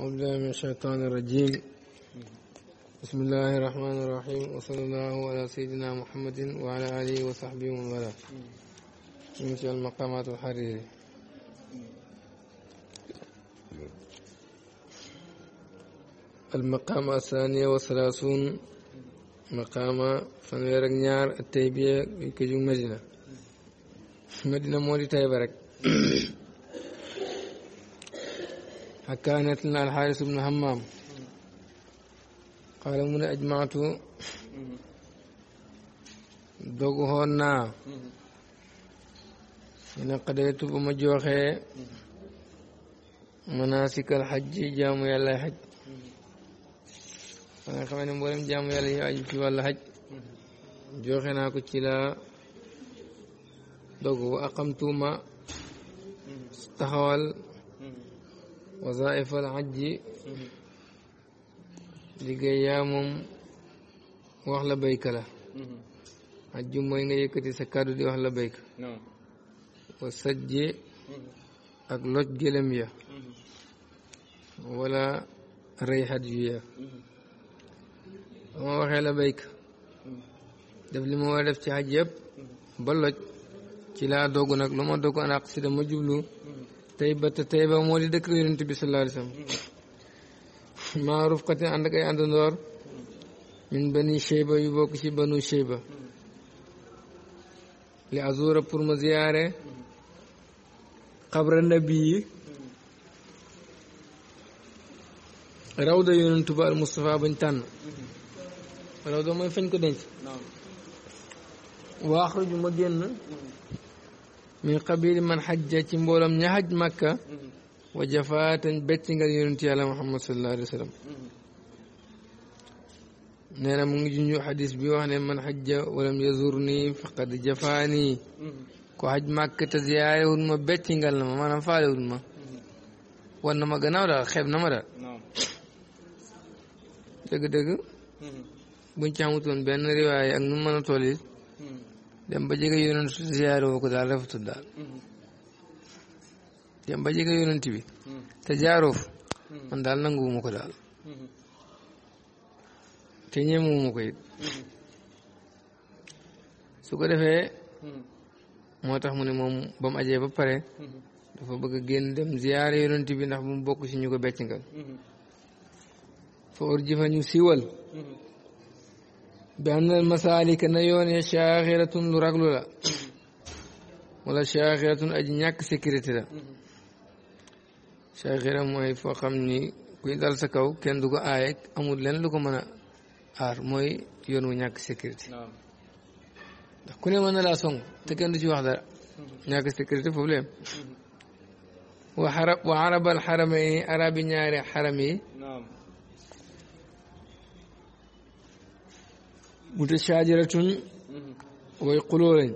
أعوذ بالله من الشيطان الرجيم بسم الله الرحمن الرحيم وصلى الله على سيدنا محمد وعلى آله وصحبه ومن والاه يمشي المقامات الحريري المقام الثاني والثلاثون مقام فنويرك نيار التيبية كجو مدينة مدينة مولي تيبرك ak kaa na alxaaris ibnu hammaam xaala mu ne ajmaatu dogu xoon naa ina qadaytu ba ma jooxee manasikal xajji jaamu yàlla xaj ba nga mboolem jaamu yàlla aju ci wàllu xaj jooxe naa ko ci la dogu wa aqamtu ma taxawal wazaif al ajji liggéey yaa moom wax la béyka la ajju mooy nga yëkkati sa kàddu di wax la béyka wa sajje ak loj gëlëm ya wala rëy xat yu ya dama waxee la béyka def li ma war def ci aj yëpp ba loj ci laa dogg nag lu dogg an aqsida ma jublu Tayba te Tayba moo di dëkk yonent bi sallallahu alayhi wa sallam maa rufqatin ànd ak ay min bani Shayba yu bokk ci banu Shayba li azura pour ma ziyaare xabra nabi rawda yonentu ba al Mustafa bañ tànn rawda mooy fañ ko denc waaxruju ma génn من قبيل من حج تيمبولم نهج مكه وجفات بيتينغال يونتي على محمد صلى الله عليه وسلم نانا مونغي جونيو حديث بي واخني من حج ولم يزورني فقد جفاني كو حج مكه تزياي ون ما بيتينغال ما مانا فالي ون ما ون ما غناو دا خيب نمرا دغ دغ بون تيامتون بن روايه ان نو مانا توليس dem ba jege yonent bi ziyaare woo ko daal rafetul daal dem ba jege yonent bi te jaaroo man daal nanguwuma ko daal te ñemewuma ko it su ko defee moo tax mu ne moom ba mu ajee ba pare dafa bëgg a génn dem ziyaare yonent bi ndax mu bokk ci ñu ko becc nga fa or jëfa ñu siiwal bi anna al masalik na yoon ya shaaxiratun lu raglu la wala shaaxiratun aji ñàkk sécurité la shaaxira mooy foo xam ni kuy dal sa kaw kenn du ko aaye amul leen lu ko mën a aar mooy yoon wu ñàkk sécurité ndax ku ne song te kenn du ci wax dara ñàkk sécurité foofu la wa arab al xarama yi arabi ñaari mutashajiratun way xuloo lañ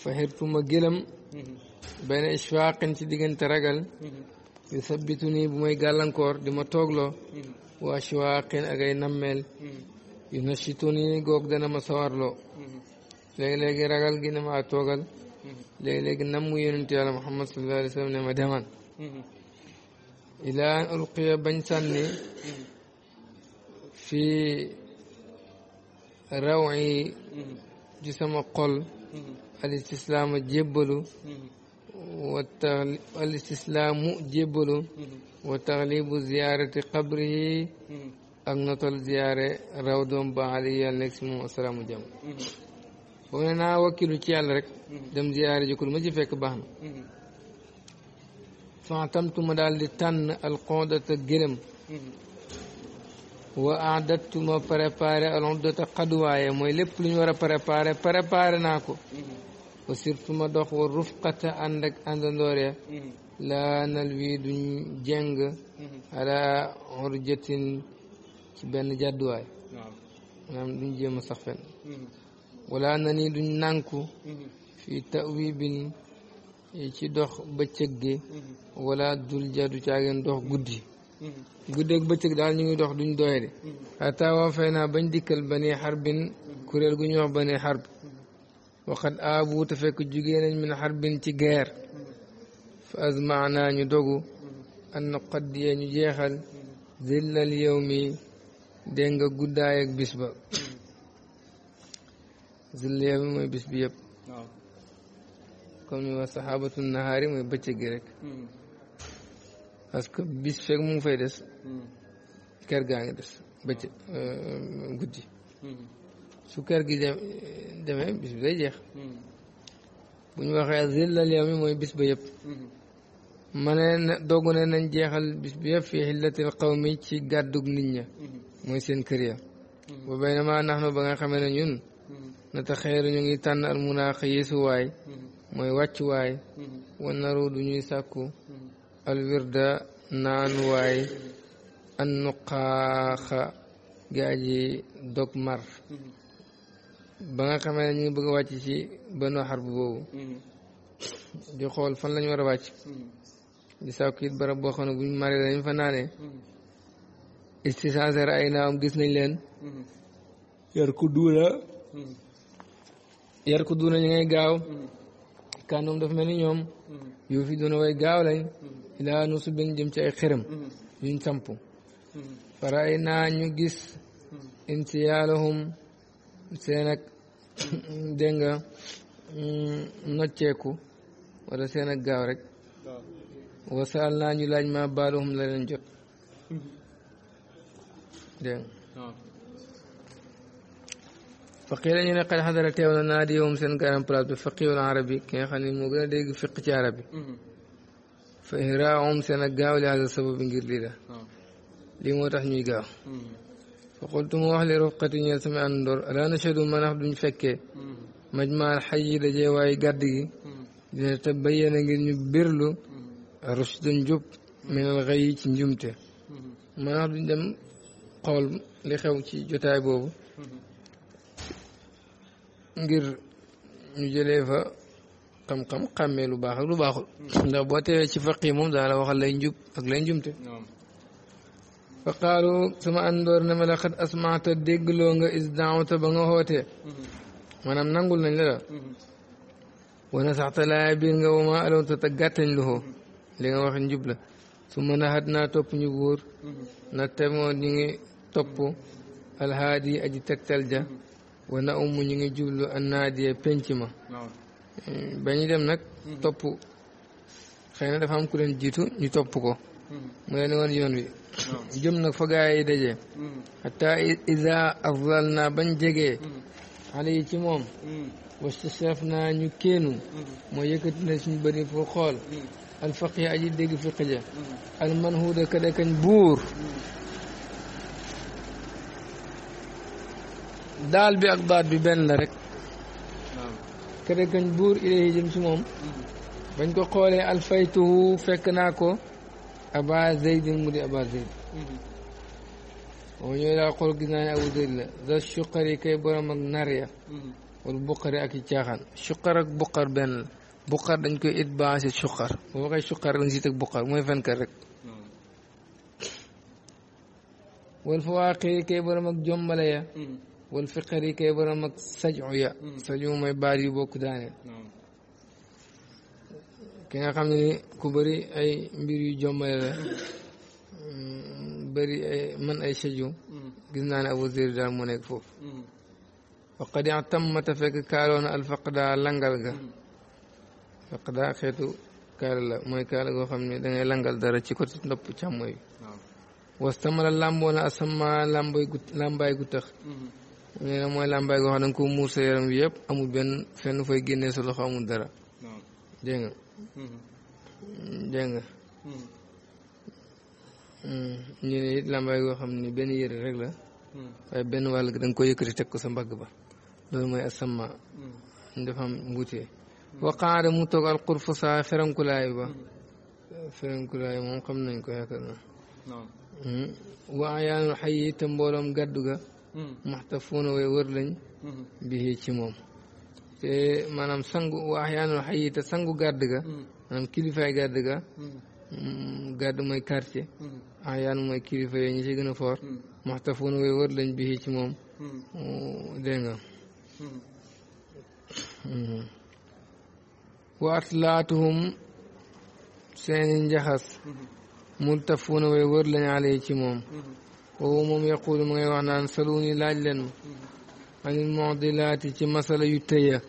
fa xirtuma gëlëm benn ishfaaqin ci diggante ragal yu sabitu nii bu may gàllankoor di ma toogloo wa ashwaaqin ak nammeel yu nashitu nii goog dana ma sawarloo léegi ragal gi ne toogal léegi-léegi namm yonente yàlla muhammad sallallahu ilaa an ulqiya fi rawi ci sama xol al istislaamu jébbalu al istislaamu jébbalu wa taxlibu ziyaarati qabrihi ak notal ziyaare raw doom ba ali yàlla nekk si moom asalaamu jàmm ba mu ne naa wakkilu ci yàlla rek dem ziyaare ji kul ma ci fekk baax na faatamtu ma daal di tànn alqoodata gërëm wa adattu ma préparé alondota xaduwaaye mooy lépp luñ ñu war a préparé préparé naa ko mm-hmm. wa surtout ma dox wa rufqata ànd ak àndandoor ya mm-hmm. laa nal wii duñ jeng mm-hmm. ala horjatin ci benn jàdduwaay maanaam duñ jéem sax fenn wala na nii duñ nànku fii tawibin ci dox bëccëg gi wala dul jadu caageen dox guddi guddeeg bëccëg daal ñu dox duñ doye de xataa waa naa bañ dikkal bani xarbin kuréel gu ñuy wax bani xarb waxat aabu te fekk jugee min xarbin ci guerre fa azmaanaa ñu dogu an nuqaddiya ñu jeexal zillal yow mi nga guddaay ak bis ba zillal mooy bis bi yëpp ni wax saxaabatu nahaari mooy bëccëg gi rek hmm. parce que bis fekk mu ngi fay des hmm. ker gaa ngi des euh, guddi hmm. su ker gi demee bis bi day jeex hmm. bu ñu waxee zillal yawmi mooy bis ba yëpp ma ne doogu ne nañ jeexal bis bi yëpp fii xillatil qawmi ci gàddug nit ña mooy seen kër ya ba bay na maa nax na ba nga xamee ne ñun na ta xeeru ñu ngi tànn al munaax yeesuwaay mooy wàccuwaay wanaru du ñuy sàkku alwirda naanuwaay an nuqaaxa gaa ji dog mar ba nga xamee ne ñu bëgg a wàcc ci benn xar bu boobu di xool fan lañu war a wàcc di sàkku it barab boo xam ne buñ mare dañu fa naanee istisansar ay naawam gis nañ leen yar ku duuna yar ku duuna ñu ngay gaaw kàndoom dafa mel ni ñoom yu fi doona way gaaw lañ ilaa nusubin jëm ci ay xërëm yuñ samp faray naa ñu gis intiyaalahum seen ak dégg nga nocceeku wala seen ak gaaw rek wasaal naa ñu laaj ma baaluhum la leen jot dégg faqiila ñu ne xad xadara teew na naa di yowum seen garam place bi faqiwul arab yi ki nga xam ne moo gën a dégg fiq ci arab yi fa iraahum seen ak gaaw li hada sababi ngir lii la hmm. lii moo tax ñuy gaaw hmm. fa qultu mu wax li rufqati ñeel sama àndoor ala nashadu ma nax duñ fekkee hmm. majmaal xay yi dajee waaye gàdd gi dina te bayyana ngir ñu birlu rushdan njub minal xay yi ci njumte ma nax duñ dem xool li xew ci jotaay boobu ngir ñu jëlee fa xam-xam xàmmee lu baax ak lu baaxul ndax boo teewee ci faqi moom daa la waxal lay njub ak lay njumte fa qaalu sama àndoor ne ma la a asmaata déggloo nga is daawta ba nga xootee mhm. maanaam nangul nañ la la mhm. wana saxta laaya biir nga wama mhm. njub la su ma naxat naa topp ñu wóor na temoo ñu ngi topp alhaadi aji tegtal ja wana umm ñu ngi jublu annaadiya penc ma Mm, ba dem nag topp xëy na dafa am ku leen jiitu ñu topp ko mm-hmm. mu leen woon yoon wi mm-hmm. jëm nag fa gaa yi daje xataa mm-hmm. ida afdal naa bañ jegee xale yi ci moom wastasraf naa ñu kéenu mooy yëkkati na suñu bëri pour xool alfaqi aji dégg fiq ja almanhuuda kadakañ buur daal bi ak baat bi benn la rek kër gañ buur ilayhi jëm ci moom bañ ko xoolee alfaytuhu fekk naa ko aba zeydin mu di aba zeyd waaw ñooy laa xool gis naa ne abu zeyd la da suqari kay borom ak nar ya wala buqari ak i caaxaan suqar ak buqar benn la buqar dañ koy it baasi suqar boo waxee suqar dañ siit ak buqar mooy fenkat rek wala fa waa xëy kay borom ak jombale ya wal fiqari kay borom mag sajo ya hmm. sajo mooy baar yu bokk daane hmm. ki nga xam ni ku bëri ay mbir yu jombale la bëri ay man ay sajo hmm. gis naa ne abu zér daal moo nekk foofu waqad tammata fekk kaaloona alfaqda langal ga faqda xeetu kaala la mooy kaala goo xam ne dangay langal dara ci côté ndopp càmmo yi wastamala làmboona asama làmboy gu nee na mooy làmbaay goo xam danga ko muur yaram wi amul benn fenn fooy génnee sa loxo amul dara dégg nga mm-hmm. mm, dégg nga mm. Mm, ñu ne it xam ne benn yëre rek la benn wàll gi da nga ko yëkkati teg ko sa mbagg ba loolu mooy asama dafa am wuute waqaada mu toog al qurfu saa ferenkulaay ba ferenkulaay moom xam nañ ko yaakaar na wa ayaanul xay yi ga maxtafuuna mm-hmm. way wër lañ mm-hmm. bi ci moom te maanaam sangu waax yaanul xay yi sangu gàdd ga mm-hmm. maanaam kilifaay gàdd ga gàdd mooy quartier ah yaan mooy kilifa yooyu ñu ci gën a foor maxtafuuna way wër lañ bi ci moom dégg nga wa atlaatuhum seeni njaxas multafuuna way wër lañ ale ci moom ومم يقول ما يوانا سلوني لاجلن عن المعضلات في مسألة يتيا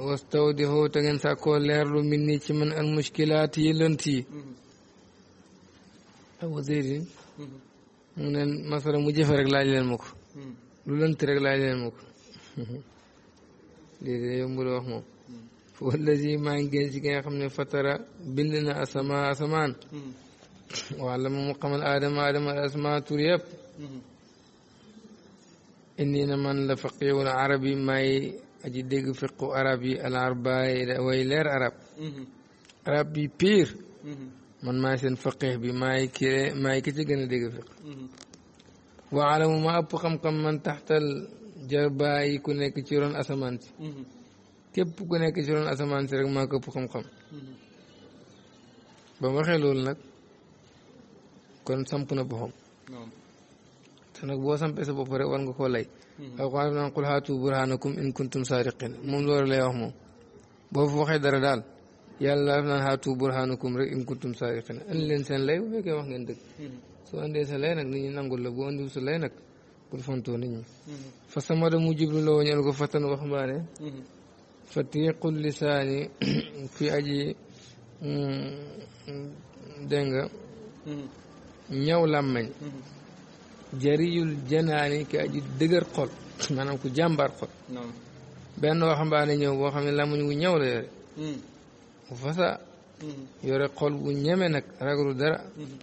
واستودي هو تغن ساكو ليرلو مني في من المشكلات يلنتي أو ديرين من مسألة مجفر لاجلن مكو لولنت رك لاجلن مكو ليه يوم بروح مو فوالذي ما ينجزك يا خمني فترة بلنا أسماء أسمان وعلم مقام آدم آدم الأسماء تريب إني نمان لفقه العربي ماي أجد ديك فقه عربي العربة ويلير عرب عربي بير من ما سن فقه بماي كيري ماي كتي جن ديك فقه وعلم ما أبقم كم من تحت الجربة يكون كتيرون أسمان كيف يكون كتيرون أسمان سرق ما كبقم كم بما خلول نك kon samp na boppam te nag boo sampee sa bopp rek war nga ko lay alquran bi naan qul hatu burhanakum in kuntum sariqin moom loolu lay wax moom bo fu waxe dara dal yàlla daf hatu burhanakum rek in kuntum sariqin andi len sen lay bu fekkee wax ngeen deug so ande sa lay nak nit ñi nangul la boo andi sa lay nak pour fonto nit ñi fa sama da mu jublu la woñeel ko fatan wax waxambaane fatiqul lisaani fi aji dégg nga ñëw làmmeñ jariyul janaani ka aji dëgër xol maanaam ku jàmbaar xol benn waxambaane ñëw boo xam ne làmmeñ wu ñëw la yore bu hmm. fasa hmm. yore xol bu ñeme nag ragalu dara hmm.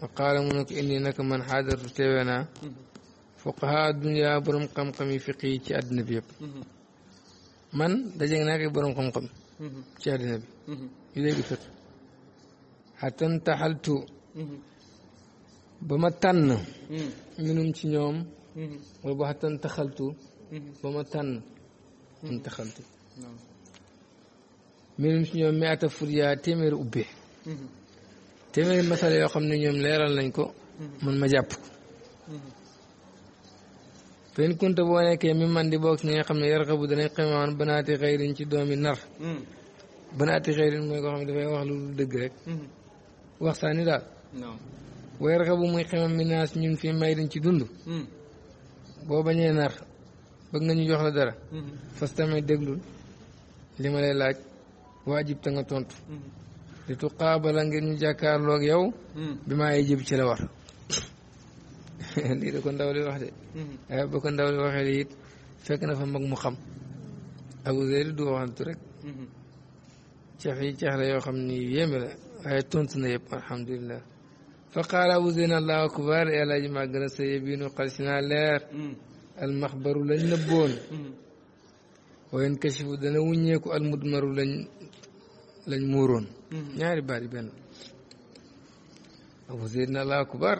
wa qaala mu ne ko indi nag man xaadartu teewe naa fuqaha dunya borom xam-xam yi fiq ci àddina bi yëpp man dajeeg naa koy borom xam ba ma tànn minum mm. ci ñoom wala mm. ba xatan taxaltu mm. ba ma tànn an taxaltu minum ci ñoom mi ata furiya téeméeri ubbe téeméeri masala yoo xam ne ñoom leeral nañ ko man ma jàpp ko fen kunta boo nekkee mi man di bokk si ñi xam ne yar xabu danañ xemewoon banaati xayrin ci doomi nar banaati xayrin mooy koo xam ne dafay wax lu dëgg rek waxtaani daal way raxabu muy xemam minaas ñun fii may dañ ci dund hmm. boo bañee nar bëgg nga ñu yox la dara hmm. fas tamit déglul li ma lay laaj waajib ta tontu hmm. li tuqaabala ngir ñu jàkkaarloog yow bi maa yi jib ci la war lii da ko ndaw li wax de waaye eh, ba ko ndaw li waxee li it fekk na fa mag mu xam abu zeyri du waxantu rek ceex yi ceex la yoo xam ni yéeme la waaye tontu na yëpp alhamdulilah فقال أذن الله أكبر يا لجمع قرس يبين قرسنا لير المخبر لن نبون وينكشف دنونيك المدمر لن لن مورون ياري باري بين أبو زيدنا الله أكبر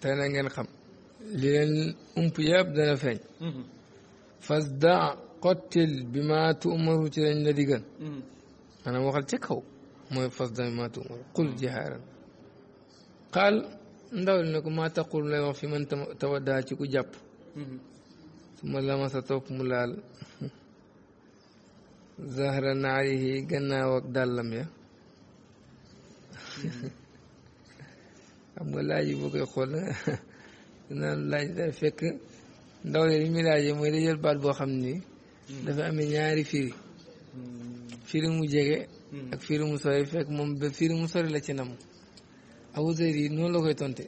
تانا نغن خم لين أمبياب دنا فين فازدع قتل بما تؤمر تلين لديغن أنا وقال تكو ما يفضل بما تؤمر قل جهارا xaal ndaw li ne ko maa taqul lay wax fi man tawaddaa ci ku jàpp mhm. su ma lamasa topp mu laal zahra naarihi gannaaw ak dàllam ya mhm. xam nga laaj yi boo koy xool danaan laaj day fekk ndaw li li muy laajee mooy day baat boo xam ni mhm. dafa amee ñaari firi firi mu jege ak firi mu sori fekk moom ba firi mu sori la ci nam Abuzeer yi noonu la koy tonte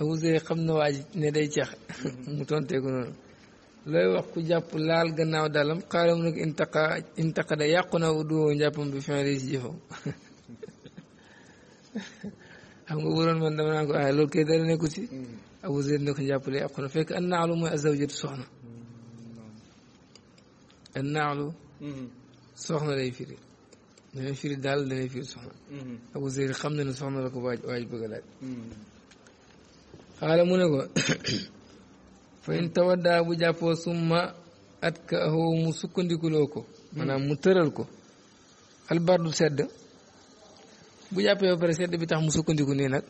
Abuzeer xam na waa ne day ceex mm-hmm. mu tontee ko noonu looy wax ku jàpp laal gannaaw daalam xaaral mu ne ko intaqa intaqada yàqu na du woo njàppam bi nga waroon man dama naan ah, mm-hmm. fekk an naalu mooy azawjatu soxna mm-hmm. an soxna lay firi dana firi daal dana firi soxna mm-hmm. abu zeyr xam na ne soxna la ko waaj waaj bëgg a laaj mm-hmm. mu ne ko fa in bu jàppoo summa at ka ahoo mu sukkandikuloo ko maanaam mu tëral ko albardu sedd bu jàppee ba pare sedd bi tax mu sukkandiku nii nag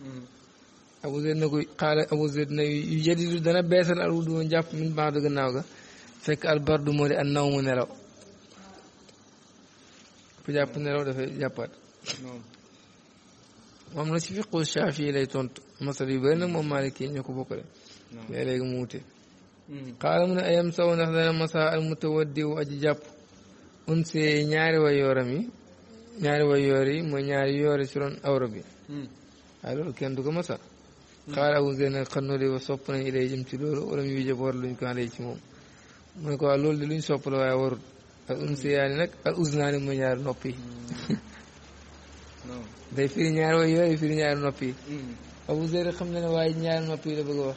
mm-hmm. abu zeyr na ko xaala abu zeyr na yu jadidu dana beesal albardu moo di an naw mu nelaw ku jàpp nelaw dafay jàppaat moom na ci fiqu Shaafi lay tontu masal yu bëri nag moom Maalik yi ñoo ko bokkale léegi mu wute xaala hmm. mu ne ayam saw ndax dana masa al mutawaddiu aji jàpp unsee ñaari way yooram yi ñaari way yoor yi mooy ñaari yoore ci ron awra bi hmm. kenn du ko masa xaala hmm. abu zér nag xannoo di sopp nañ ilay jëm ci loolu wala mu yu jëp war luñ ko alay ci moom mu ne ko waaw loolu de luñ sopp la waaye warut al unsiyaani nag al uznaani mooy ñaari nopp yi hmm. day firi ñaari way yooyu firi ñaari nopp yi hmm. abu zeyr xam na waaye ñaari nopp yi la bëgg wax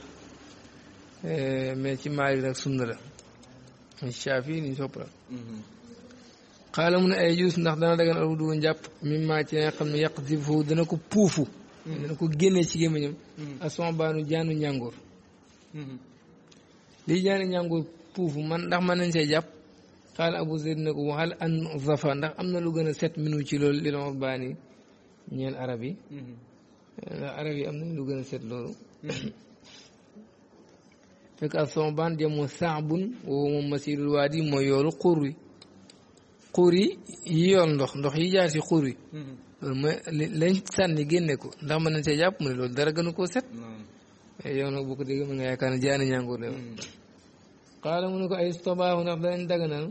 eh, mais ci maalik nag sunna la shaafi ni sopp la xaala hmm. mu ne ay juus ndax dana dagan al wudu njàpp mi maa ci nga xam ne yàq di foofu dana ko puufu dana ko génnee ci gémmiñam ason baanu jaanu ñàngoor lii jaanu ñàngoor puufu man ndax mën nañ see jàpp xaala abu zayd ne ko waxal an zafa ndax am na lu gën a set minu ci loolu lil urbaani ñeel arab yi ndax mm-hmm. arab am lu gën a set loolu mm-hmm. fekk ak sama baan jamoo saabun woowu moom masirul waadi mooy yoolu xur wi yi yi ndox ndox yi jaar ci xur yi mm-hmm. loolu mooy génne ko ndax mën nañ see jàpp mu loolu dara gënu koo set eh, yow nag boo ko déggee mën nga yaakaar ne jaani ñàngoor la xaala mu ne ko ay stabaahu ndax danañ daganal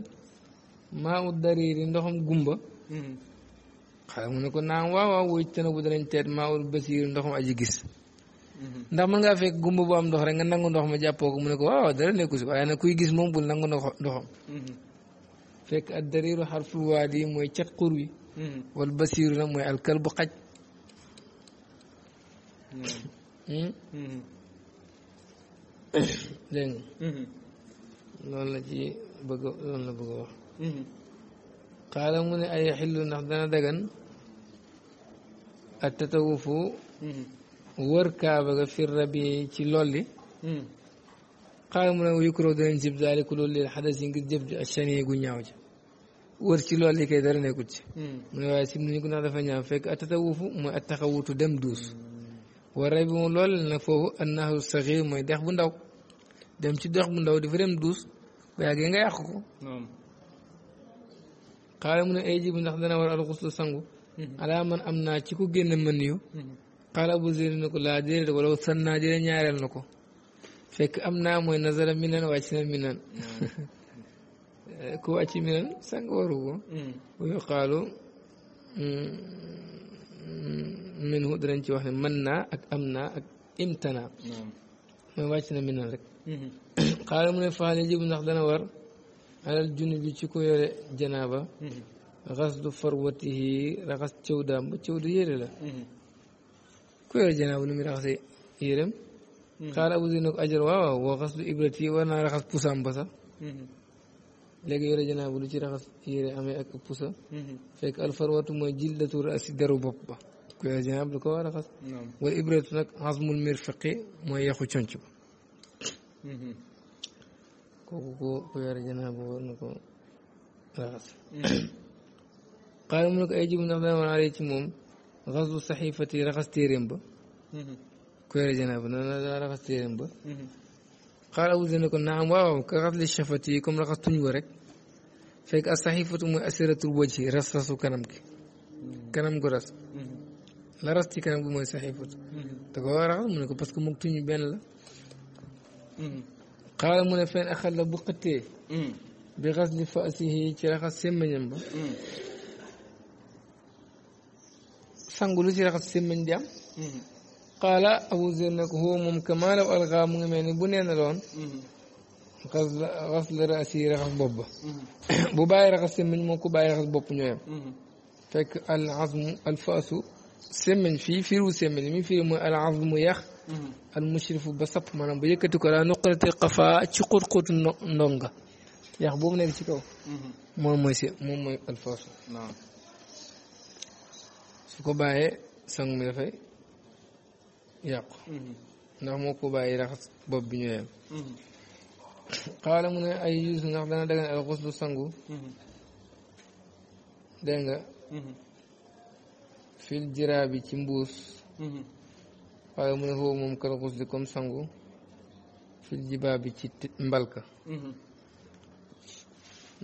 maa ut dariiri ndoxam gumba mm-hmm. xale mu ne ko naa waaw waaw wóoy tëna bu danañ teet maa ut basiir ndoxam aji gis mm-hmm. ndax mën ngaa fekk gumba bu am ndox rek nga nangu ndox ma jàppoo ko mu ne ko waaw dara nekku si waaye nag kuy gis moom bul nangu ndoxam mm-hmm. fekk ad dariiru xarful waadi mooy cat xur wi wal basiiru nag mooy alkal bu xaj hmm? la ci xaala mu ne ay xillu ndax dana dagan ak tatawufu wër kaaba ga fir rabi ci lolli xaala mu ne yukuroo danañ sib daaliku loolu leen xadas yi ngir jëf ji ak chanie gu ñaaw ci wër ci loolli kay dara nekkut ci mu ne waaye sib nañu ko ndax dafa ñaaw fekk ak tatawufu mooy ak taxawutu dem duus war rabi moom lool nag foofu an naxu saxiir mooy dex bu ndaw dem ci dex bu ndaw dafa dem duus ba yàggee nga yàq ko xaala mu ne ay jibu ndax dana war alxuslu sangu mhm. alaa man am naa ci ku génn mën yu xaala mhm. abu zér ne ko laa déedéet wala san naa déedéet ñaareel na ko fekk am naa mooy nazara minan wàcc na minan mhm. ku wàcc minan sang waru ko mm, mm, ci wax ne naa ak am naa ak imtana mooy wàcc na minan rek xaala ne faal yajibu ndax dana war al junubi ci ko yore janaaba xasdu mhm. farwatihi raxas cëw daam ba cëw da yére la mhm. ku yore janaaba nu muy raxase yérem mhm. xaala abu zeyn ko ajar waaw waaw woo xasdu ibrati war naa raxas pusaam ba sax yore janaaba lu ci raxas yére amee ak pusa fekk al farwatu mooy jildatu raasi deru bopp ba ku yore janaaba du ko war a raxas wala ibratu nag xasmul mirfiqi mooy yaxu conc ba kooku ku ku yore janaaba war na ko raxas xaaral mm-hmm. mu ne ko ay jibu ndax dana war a ci moom raxasu saxiifati raxas téeréem ba ku yore janaaba noonu ko naam waaw ka raxas li shafati yi raxas tuñ wa rek fekk as saxiifatu mooy asiratul wajhi ras rasu kanam gi mm-hmm. kanam gu ras mm-hmm. la ras ci kanam gi mooy saxiifatu da ko raxas mu ne ko parce que tuñ benn la قال من فين أخذ بقتي بغزل فأسه تراخ سمن ينبا سنقول تراخ السمن ديام قال أبو زينك هو ممكن ما لو ألغى مغمين بنين لون غزل غزل رأسي رغز بوبا بوباي رغز سمن موكو باي رغز بوب نيوم فك العظم الفأس سمن في فيرو سمن مي في العظم يخ al mushrifu ba sapp maanaam ba yëkkati ko daa noqalatee xafaa ci xóot-xóotu ndonga yax boobu nekk ci kaw mhm. moom mooy si moom mooy alfoosu su ko bàyyee sang mi dafay yàqu mhm. ndax moo ko bàyyi raxas bopp bi ñëwee mhm. xaala ne ay yuusu ndax dana dagan al xuslu sangu dégg fil jiraa bi ci mbuus waaye mu ne xoow moom kër xus sangu fil jibaa bi ci mbalka mhm.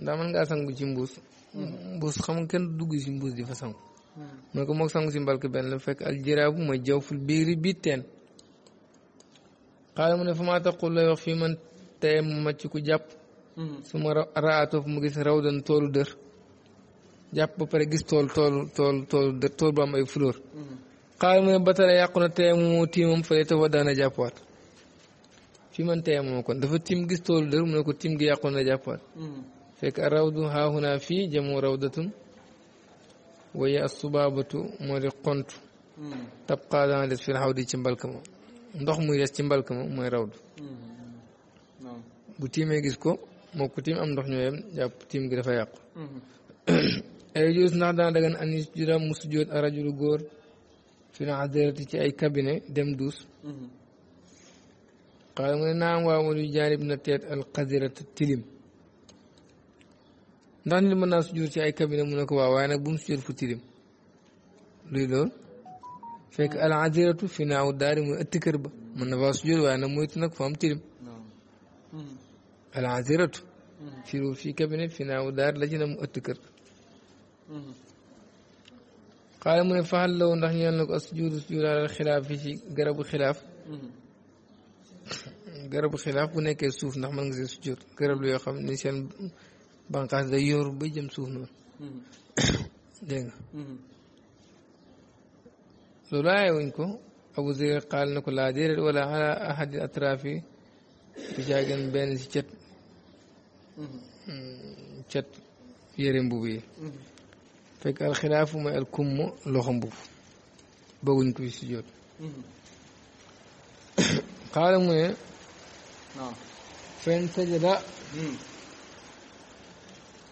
ndax mën ngaa sangu ci mbuus mhm. mbuus xam nga kenn dugg ci mbuus di fa sangu hmm. mu ne ko moog sangu si mbalka benn la fekk aljiraabu mooy jaw ful biiri biit teen xaala mu ne fu maa taqul lay wax fii man tey mu macc ku jàpp hmm. su ma raatoo fu mu gis raw dan toolu dër jàpp ba pare gis tool toolu toolu toolu tool bu am ay fleur hmm. xaaral mu ne batala yàqu na teemu tiimam fële te fa daana jàppaat fi man teemoo kon dafa tiim gis toolu dër mu ne ko tiim gi yàqu na jàppaat hmm. fekk a rawdu haahuna fii jamu rawdatun waye a subaabatu moo di xont hmm. tabqaa dana des fi xaw ci mbalka mooy rawdu hmm. bu gis ko moo ko tiim am ndox ñoo jàpp tiim gi dafa yàqu ay juus ndax dana dagan anis juram sujjóot a rajulu góor fi na adarati ci ay cabinet dem duus mhm. xaaral ne naa am waa walu jaanib na teet alxadirata tilim ndax nit mën naa sujjóot ci ay cabinet mu ne ko waaw waaye nag bu mu sujjóot fu tilim luy loolu fekk aladiratu fi naaw daari muy ëtti kër ba mën na sujjóot waaye nag moytu nag fa am tilim aladiratu mhm. fi fii cabinet fi naaw daari la ci ne mu ëtti kër mhm. قال من فهل لو نحن لك أسجود سجود على الخلاف في غرب الخلاف غرب الخلاف بنا كي سوف نحن نغزي سجود غرب لو يخم نسيان بانقاس دي يور بيجم سوف نور دينا لولا يوينكو أبو زيغ قال نكو لا دير ولا على أحد الأطرافي بشاكن بين سجد چت یریم بوبی fekk alxilaafu mooy alkumm loxo mbub bëgguñ ko fi sujjóot xaala mu ne fen sajada hmm.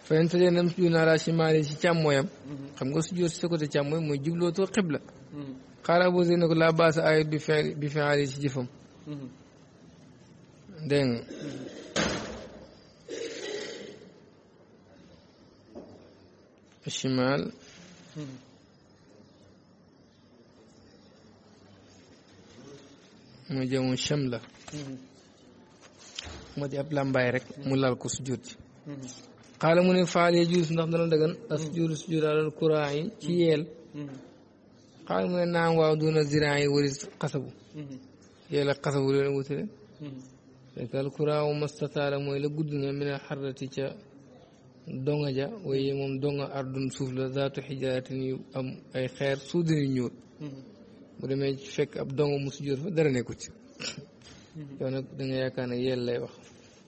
fen sajada nam sujjóot naa laa simaale si càmmooyam hmm. xam nga sujjóot si sa càmmooy mooy jublootoo xibla xaala boo seen ko laa baasa ayut bi fen bi fen si jëfam hmm. dégg chimal mooy jëmu cham la moo di ab làmbaay rek mu lal ko sujjóot ci xaala mu ne faal yi juus ndax dana a sujjóotu sujjóot alal kuraan yi ci yeel xaala mu ne naam waaw duna ziraan yi waris yeel ak xasabu leen wutale fekk al kuraan wu mastataala mooy la gudd na min al xarrati donga ja waaye moom donga ardun suuf la zaatu xijaaratin yu am ay xeer suudan yu ñuul bu mm-hmm. demee fekk ab donga mu sujjóot fa dara nekku ci mm-hmm. yow nag da nga yaakaar ne yéen lay wax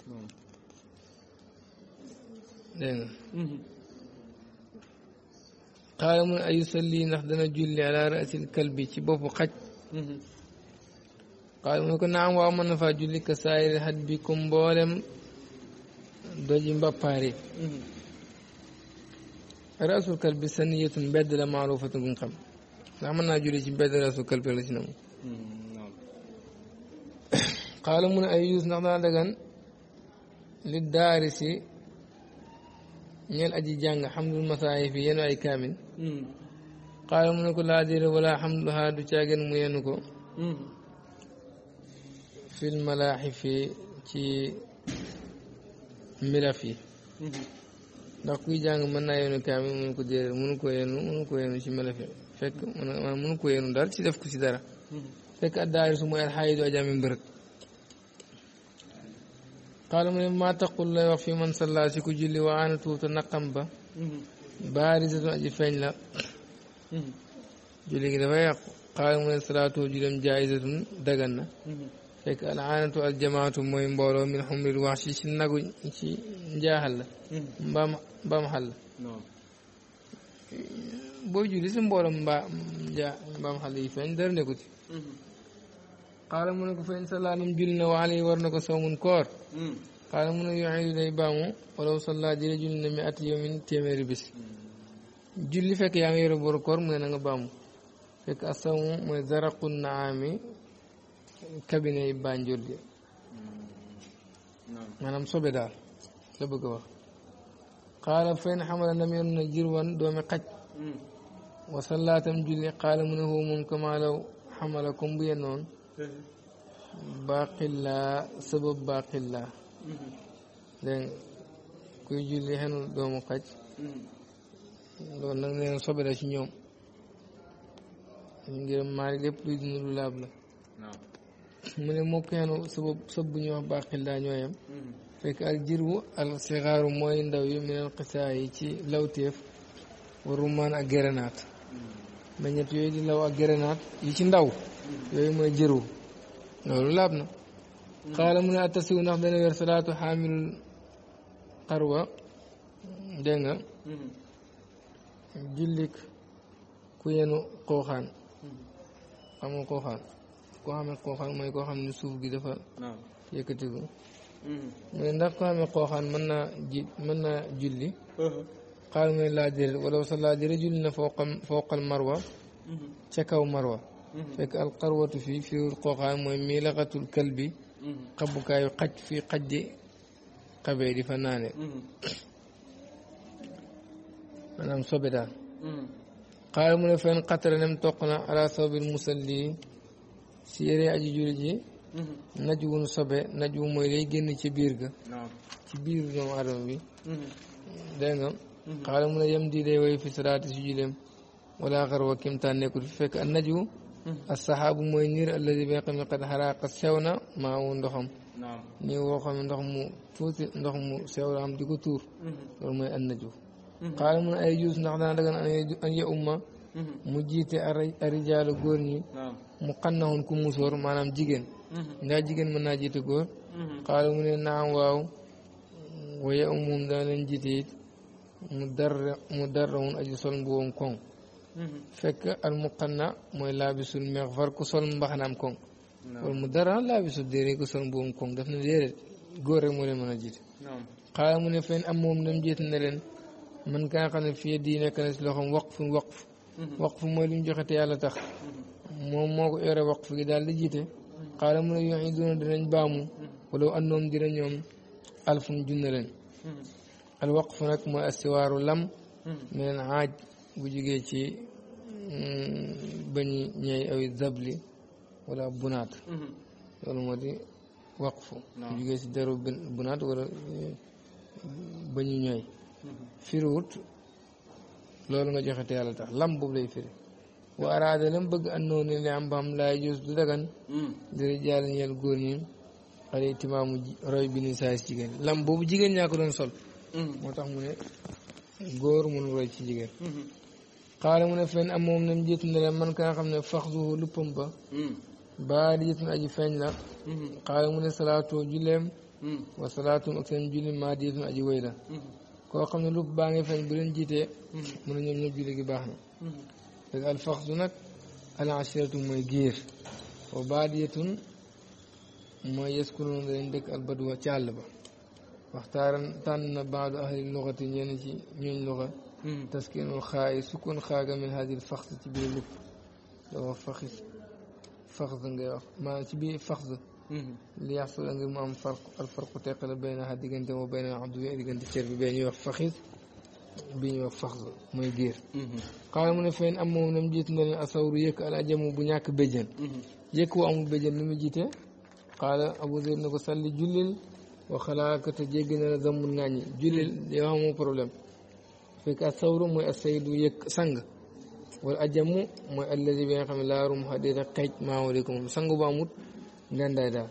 mm-hmm. dégg nga xaala mun ay yusalli ci boppu xaj xaala mu ne ko naam waaw mën na faa julli ka saayir xaj bi comme doji mbappaari rasul kalb bi saniyatun mbedd la maarufatun buñ xam ndax mën naa julli ci mbedd rasul kalb la ci namu xaala ay yuus ndax daa dagan li daari si ñeel aji jàng yenu ay kaamil xaala mu ne ko laadire wala xamduhaa du caageen mu yenu ko mm. fil malaaxi fi ci milaf yi mhm. ndax kuy jàng mën naa yenu kaamil mënu ko ko yenu mënu ko yenu ci milaf yi fekk mën mënu ko yenu dara ci def ko ci dara mhm. fekk addaari su mooy alxaayidu ajaami mbërëg xaala mu ne maa taqul lay wax fi man salla si ku julli waa ana tuuta naqam ba mhm. baarisatu aji feeñ la julli gi dafay yàqu xaala mu ne julleem jaayisatun dagan fekk al aanatu al jamaatu mooy mbooloo min xumril wax si si nagu ci njaaxal la hmm. mbaam mbaam xal la booy julli si mbooloo mbaa njaa mbaam xal yi feeñ dara nekku ci xaala hmm. mu ne ko feeñ sallaa nam julli na waale war na ko soomun koor xaala hmm. mu ne yoxeelu day baamu walaw sallaa jële julli na mi at yawmin téeméeri bis julli fekk yaa ngi yore boru koor mu ne baamu fekk asamu mooy zaraqu naami cabinet yi Banjul yi maanaam la bëgg wax qaala fayn xamala ndam yoon na jirwan doomi xaj wa sallaatam julli qaala mu ne huwa moom kamaalaw xamala comme bu yenoon baaqillaa sabab baaqillaa dégg kuy julli xenul doomu xaj nag nee na sobe ci ñoom ñu ngir maari lépp luy dina lu laab la mu ne moo keenu sabab sab bu ñuy wax baaxil daa ñooyam fekk al jirwu al sixaaru mooy ndaw yi minal xisaa yi ci lawteef warumaan ak gerenaat meññet yooyu di law ak gerenaat yi ci ndaw yooyu mooy jirwu loolu laab na xaala mu ne attasiw ndax dana weer salaatu xaamilul xarwa dégg jullik ku yenu xooxaan xamoo xooxaan koo xamee xooxaan mooy koo xam ne suuf gi dafa yëkkatiku mu ne ndax koo xamee xooxaan mën naa ji mën naa julli xaal mu ne laa déedéet wala sa laa déedéet julli na fooqal fooqal marwa ca kaw marwa fekk alxarwatu fii fiirul xooxaan mooy miilaxatul kël bi xabukaayu xaj fii xaj di xabee di fa naane maanaam sobe daal xaal mu ne fen xatara nem toq na ala sababin musalli si yére aji jullit yi naj wu nu sobe naj wu mooy lay génn ci biir ga ci biir doomu adama bi dégg nga xaaral mu ne yem di day way fi salaati si julleem wala xar wa kim taan nekkul fi fekk a najwu a saxaabu mooy niir alladi bi nga xam ne xat xaraqa sew na maa wu ndoxam nii woo xam ne ndox mu tuuti ndox mu sew am di ko tuur loolu mooy a najwu mu ay juus ndax dana dagan an ya umma Mm-hmm. mu jiite arijaalu góor ñi mu xannahun ku musóor maanaam jigéen mm-hmm. ndax jigéen mën naa jiite góor mm-hmm. xaala mu ne naam waaw waye umum dana leen jiite it mu dar mu darrawun aju sol mbaxanaam koŋ wala mu dara laabisul déere ku sol mbuwoom koŋ daf na déedéet góor rek moo leen mën a jiite xaala ne fen am moom dam jiite na man ka nga xam ne fii di nekk na si loxoom waqf Mm-hmm. waqf mooy lu ñu joxe te yàlla tax mm-hmm. moom moo ko yore waqf gi daal di jiite xaala mm-hmm. mu ne yoon yi doon dinañ baamu wala andoom dina ñoom alfun junne lañ al waqf nag mooy astiwaaru lam meneen aaj bu jugee ci mm, bañi ñey aw zabli wala bunaat loolu moo di waqf bu jugee ci deru bunaat wala eh, bañu ñey firuut loolu nga joxe te yàlla tax lam boobu lay firi wa araada lam bëgg an noo ne li am ba am laay jos du dagan dara jaal ñeel góor ñi ale itimaamu roy bi ni saa si jigéen lam boobu jigéen ñaa ko doon sol moo tax mu ne góor mun roy ci jigéen xaale mu ne fenn am moom nam jiitu ne la man ka nga xam ne faxduhu luppam ba baa di jëtun aji feeñ la xaale mu ne salaatoo julleem wa salaatum ak seen julli maa di jëtun aji wéy la koo xam ne lu baa ngi feeñ bu leen jiitee hmm. mun a ñoom ñëpp julli gi baax na léegi hmm. alfaxdu nag alashiratu mooy giir wa baadiyatun mooy yeskuloon dañ dëkk albadwa ci àll ba waxtaaran tànn na baadu ahli luxati ñenn ci ñooñ luxa hmm. taskinul xaayi sukkoon xaaga min hadil faxd ci biir lupp dafa ci biir faxd li yaxsul ngir mu am farq al farqu teqale baynaha diggante moo bayna abdoubi diggante cër bi bee ñuy wax faxis bi ñuy wax mooy géer xaala mu ne am moom nam jiit na leen asawru yëkk al ajamu bu ñàkk béjjën yëkk bu amul béjjën ni mu jiite xaala abou zeyd na ko salli jullil waxalaaka te jéggi na la zamul ŋàññi jullil yow amoo problème fekk asawru mooy asaydu yëkk sang wala ajamu mooy allazi bi nga xam ne laarum xadira xeej maawa de ko ngandaay daal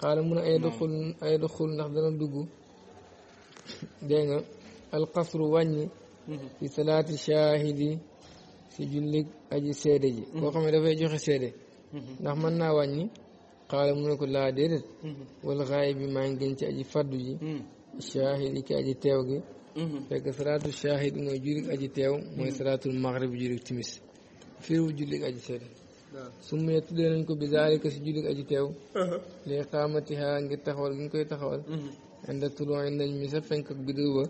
xaala mun ay duxul ay ndax dana dugg dégg nga alxasru wàññi ci mhm. salaati shahidi si jullig aji seede ji mhm. koo xam ne dafay joxe seede mhm. ndax mën naa wàññi xaala mu ko laa déedéet wala xaay bi maa ngi ci aji faddu ji shahidi ki aji teew gi fekk salaatu shahid mooy jullig aji teew mooy salaatul maghrib jullig timis firiwu jullig aji seede summa tuddee nañ ko bizaalika si julli aji teew uh-huh. li iqaamatiha ngir taxawal gi ñu koy taxawal ànd mm-hmm. ak tuloon nañ mi sa fenk ak biddiw ba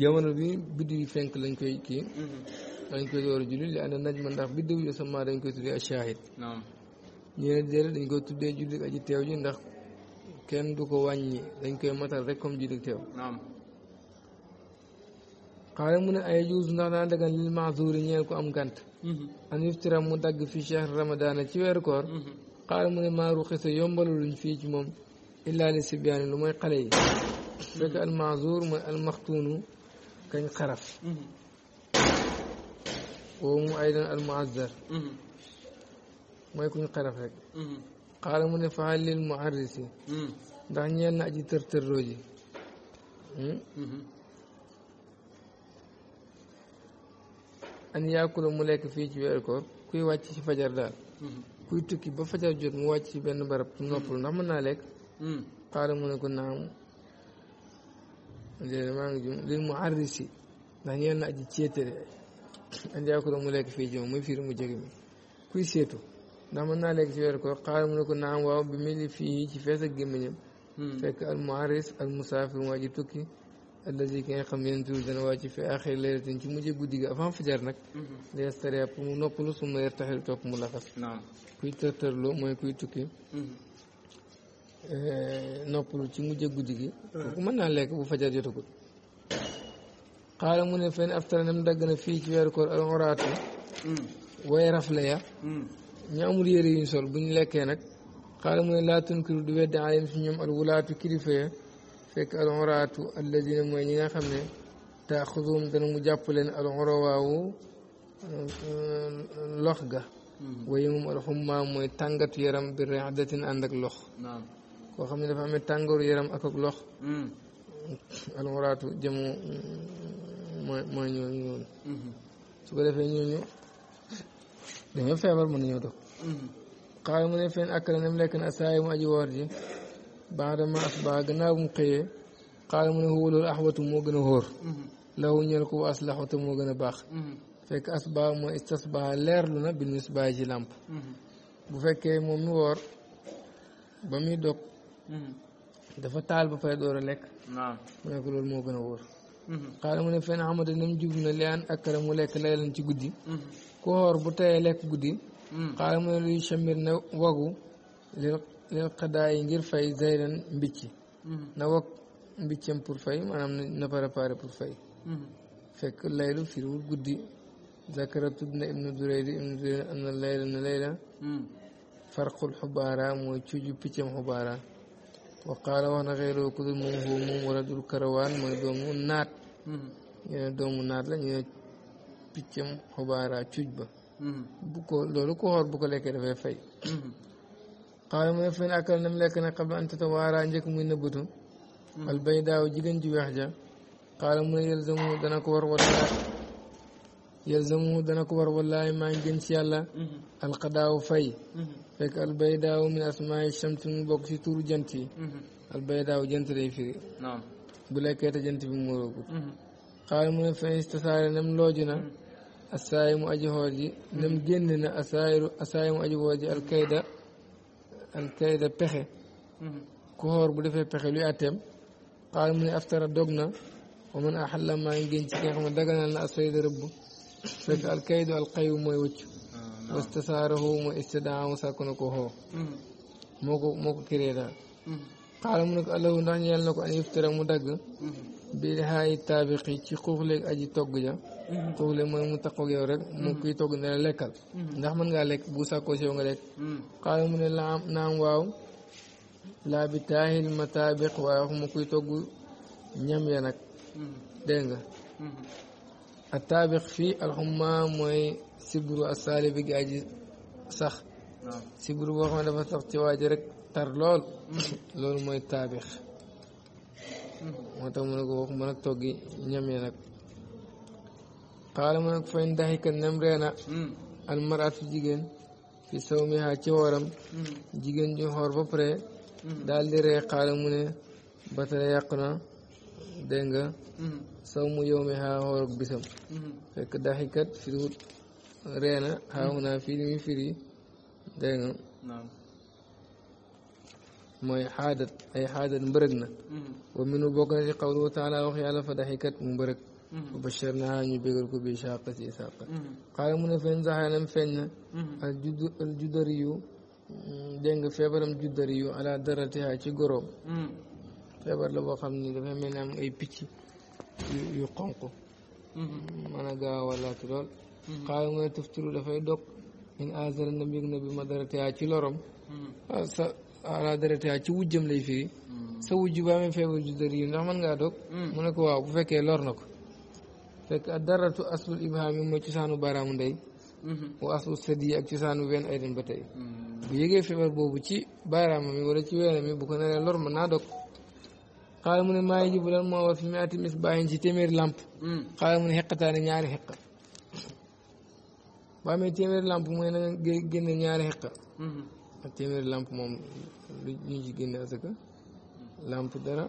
jamono bi biddiw yi fenk lañ koy kii dañ mm-hmm. koy door a julli li ànd naj ma ndax biddiw yi sama dañ koy tuddee achaahid ñeene déedéet dañ koy tuddee julli aji teew ji ndax kenn du ko wàññi dañ koy matal rek comme teew xaala mu ne ay juus ndax daa dagan lil maazuri ñeel ko am gant an yuftira mu dagg fi chehr ramadana ci weeru koor xaala mu ne maaru xisa yombaluñ fii ci moom illaa li sibyaani lu mooy xale yi fekk al maazur mooy al maxtuunu kañ xaraf woowu mu aydan al muazzar mooy kuñ xaraf rek xaala mu ne faal lil muharrisi ndax ñeel na aji tërtërroo ji an yaakula mu lekk fii ci weeru koor kuy wàcc ci fajar daal mm-hmm. kuy tukki ba fajar jot mu wàcc ci benn barab mu noppalu ndax mën naa lekk xaala mm. mu ne ko naam déedéet maa ngi jum mu arrisi ndax ñeen na aji céetale an mu lekk fii ci moom muy fiir mu jege mi kuy seetu ndax mën naa lekk ci weeru koor mu ne ko naam waaw bi mel fii ci fees ak gémmiñam mm. fekk al mu arris al musaafir mu aji tukki allazi ki nga xam ne tur dana wàcc fi axir laylatin ci mujj guddi gi avant fajar nag lestarea pour mu noppalu suma yer taxil topp mu laxas kuy tërtërloo mooy kuy tukki noppalu ci mujj guddi gi kooku mën naa lekk bu fajar jotagul xaala mu ne fen aftara nam dagg na fii ci weeru koor al oraatu way rafle ya ñu amul yére yuñ sol buñ lekkee nag xaala mu ne laa tunkiru du weddi alayhim si ñoom al wulaatu kilifa ya fekk al uraatu alladina mooy ñi nga xam ne taaxuduum dana mu jàpp leen al urawaawu euh, lox ga hmm. waaye moom al xummaa mooy tàngatu yaram bi reexdatin ànd ak lox koo xam ne dafa amee tàngooru yaram ak ak lox hmm. al uraatu jëmu mm, mooy mooy ñooñu noonu hmm. su ko defee ñooñu dañoo feebar mën nañoo dog xaaral mu ne feen akk la nem lekk na asaayi mu aji ji بعدما أسباقنا بمقية قال من هو الأحوة موغن هور له نيركو أسلحة موغن باخ فك أسباق ما استسباق لير لنا بالنسبة جي لامب بفك من نور بمي دوك دفا طالب فاي دور لك نعم من يقول الموغن هور قال من فين عمد نمجبنا لأن أكرم لك ليلة تقدي كور بطايا لك قدي قال من يشمرنا وغو lil xadaa ngir fay zayran mbicc hmm. na wag mbiccam pour fay maanaam na préparé pour fay hmm. fekk laylu firiwul guddi zakara tudd na ibnu duraydi ibnu duraydi am layla na layla hmm. farqul xubaara mooy cuuju piccam xubaara wa qaala wax na xeyroo ku dul moom wala dul karawaan mooy doomu naat ñu ne doomu naat la ñu ne piccam xubaara cuuj ba bu ko loolu ko xool bu ko lekkee dafay xaaral mu ne fen akal nam lekk na xam anta tawaaraa njëkk muy nëbbatu hmm. al bay daaw jigéen ji weex ja xaaral mu ne dana ko war wallaahi yelzamu dana ko war wallaahi maa ngi gën ci yàlla hmm. alqadaaw fay hmm. fekk al bay daaw min asmaay shams mu bokk ci turu jant yi al bay daaw day firi bu lekkee te jant bi muuroogut xaaral mu ne fen istasaare nam looju na mu aji xoor ji nam génn na asaayi mu aji xoor ji alkayda an pexe ku xoor bu defee pexe luy atteem xaal mu ne aftara dog na wa man axalla maa ngi génn ci ki nga xam ne daganal na asayda rëbb fekk alkaydu alqayu mooy wëcc ah, wastasaarahu mooy istidaamu sàkk na ko xoo hmm. moo ko moo ko kirée daal xaala hmm. mu ne ko allahu ndax ñeel na ko an iftara mu dagg hmm. biir xaayi taabiqi ci xuuxleeg aji togg ja mhm. xuuxleeg mooy mu taqoog yow rek mhm. mu kuy togg ne lekkal mhm. ndax mën ngaa lekk bu sàkkoo si yow nga lekk xaala mu ne laam naam waaw laa bi taahil ma taabiq waaye waxuma kuy togg ñam ya nag dégg nga a taabiq fii alxumma mooy sibru asaali bi gi aji sax sibru boo xam ne dafa sax ci waaji rek tar lool loolu mooy taabix moo tax mu ne ko wax mën ak toggi ñam nag xaala mu ne daxikat nem reena al maraat jigéen fi saw mi haa ci xooram jigéen ju xoor ba pare daal di ree xaala mu ne ba tale yàqu na dégg nga saw mu yow mi haa xoorog bisam fekk daxikat firiwut reena xaaw naa fii li firi dégg mooy xaadat ay xaadat mbërëg na mm-hmm. wa minu bokk na si qawluhu taala wax yàlla fa daxikat mu mbërëg wa mm-hmm. bashar naa ñu bégal ko bi saqa si saqa xaala mm-hmm. mu ne feeñ saxalam al judd al juddari yu dégg nga feebaram juddari ci goroom feebar la boo xam ni dafay mel ay picc yu xonq mën a gaaw walaati lool xaala tuftiru dafay dog in azara na mbég na bi ma daratiha ci lorom ala deret ci wujjam lay firi hmm. sa wujj ba amee feebar ju dër yi ndax mën ngaa dog hmm. mu ne ko waaw bu fekkee lor na ko fekk a daratu aslul ibham yi mooy cosaanu baaraamu ndey hmm. wa aslu sadi wenn boobu ci baaraama mi wala ci weena mi bu ko naree lor mën naa dog xaala mu ne maa ngi jibu lan moo war fi mi ati mis bàyyin ci téeméeri làmp xaala mu ne xeqataane ñaari xeq ba amee téeméeri làmp mooy na nga génne ñaari xeq téeméeri làmp moom lu ñu ci génne asaka làmp dara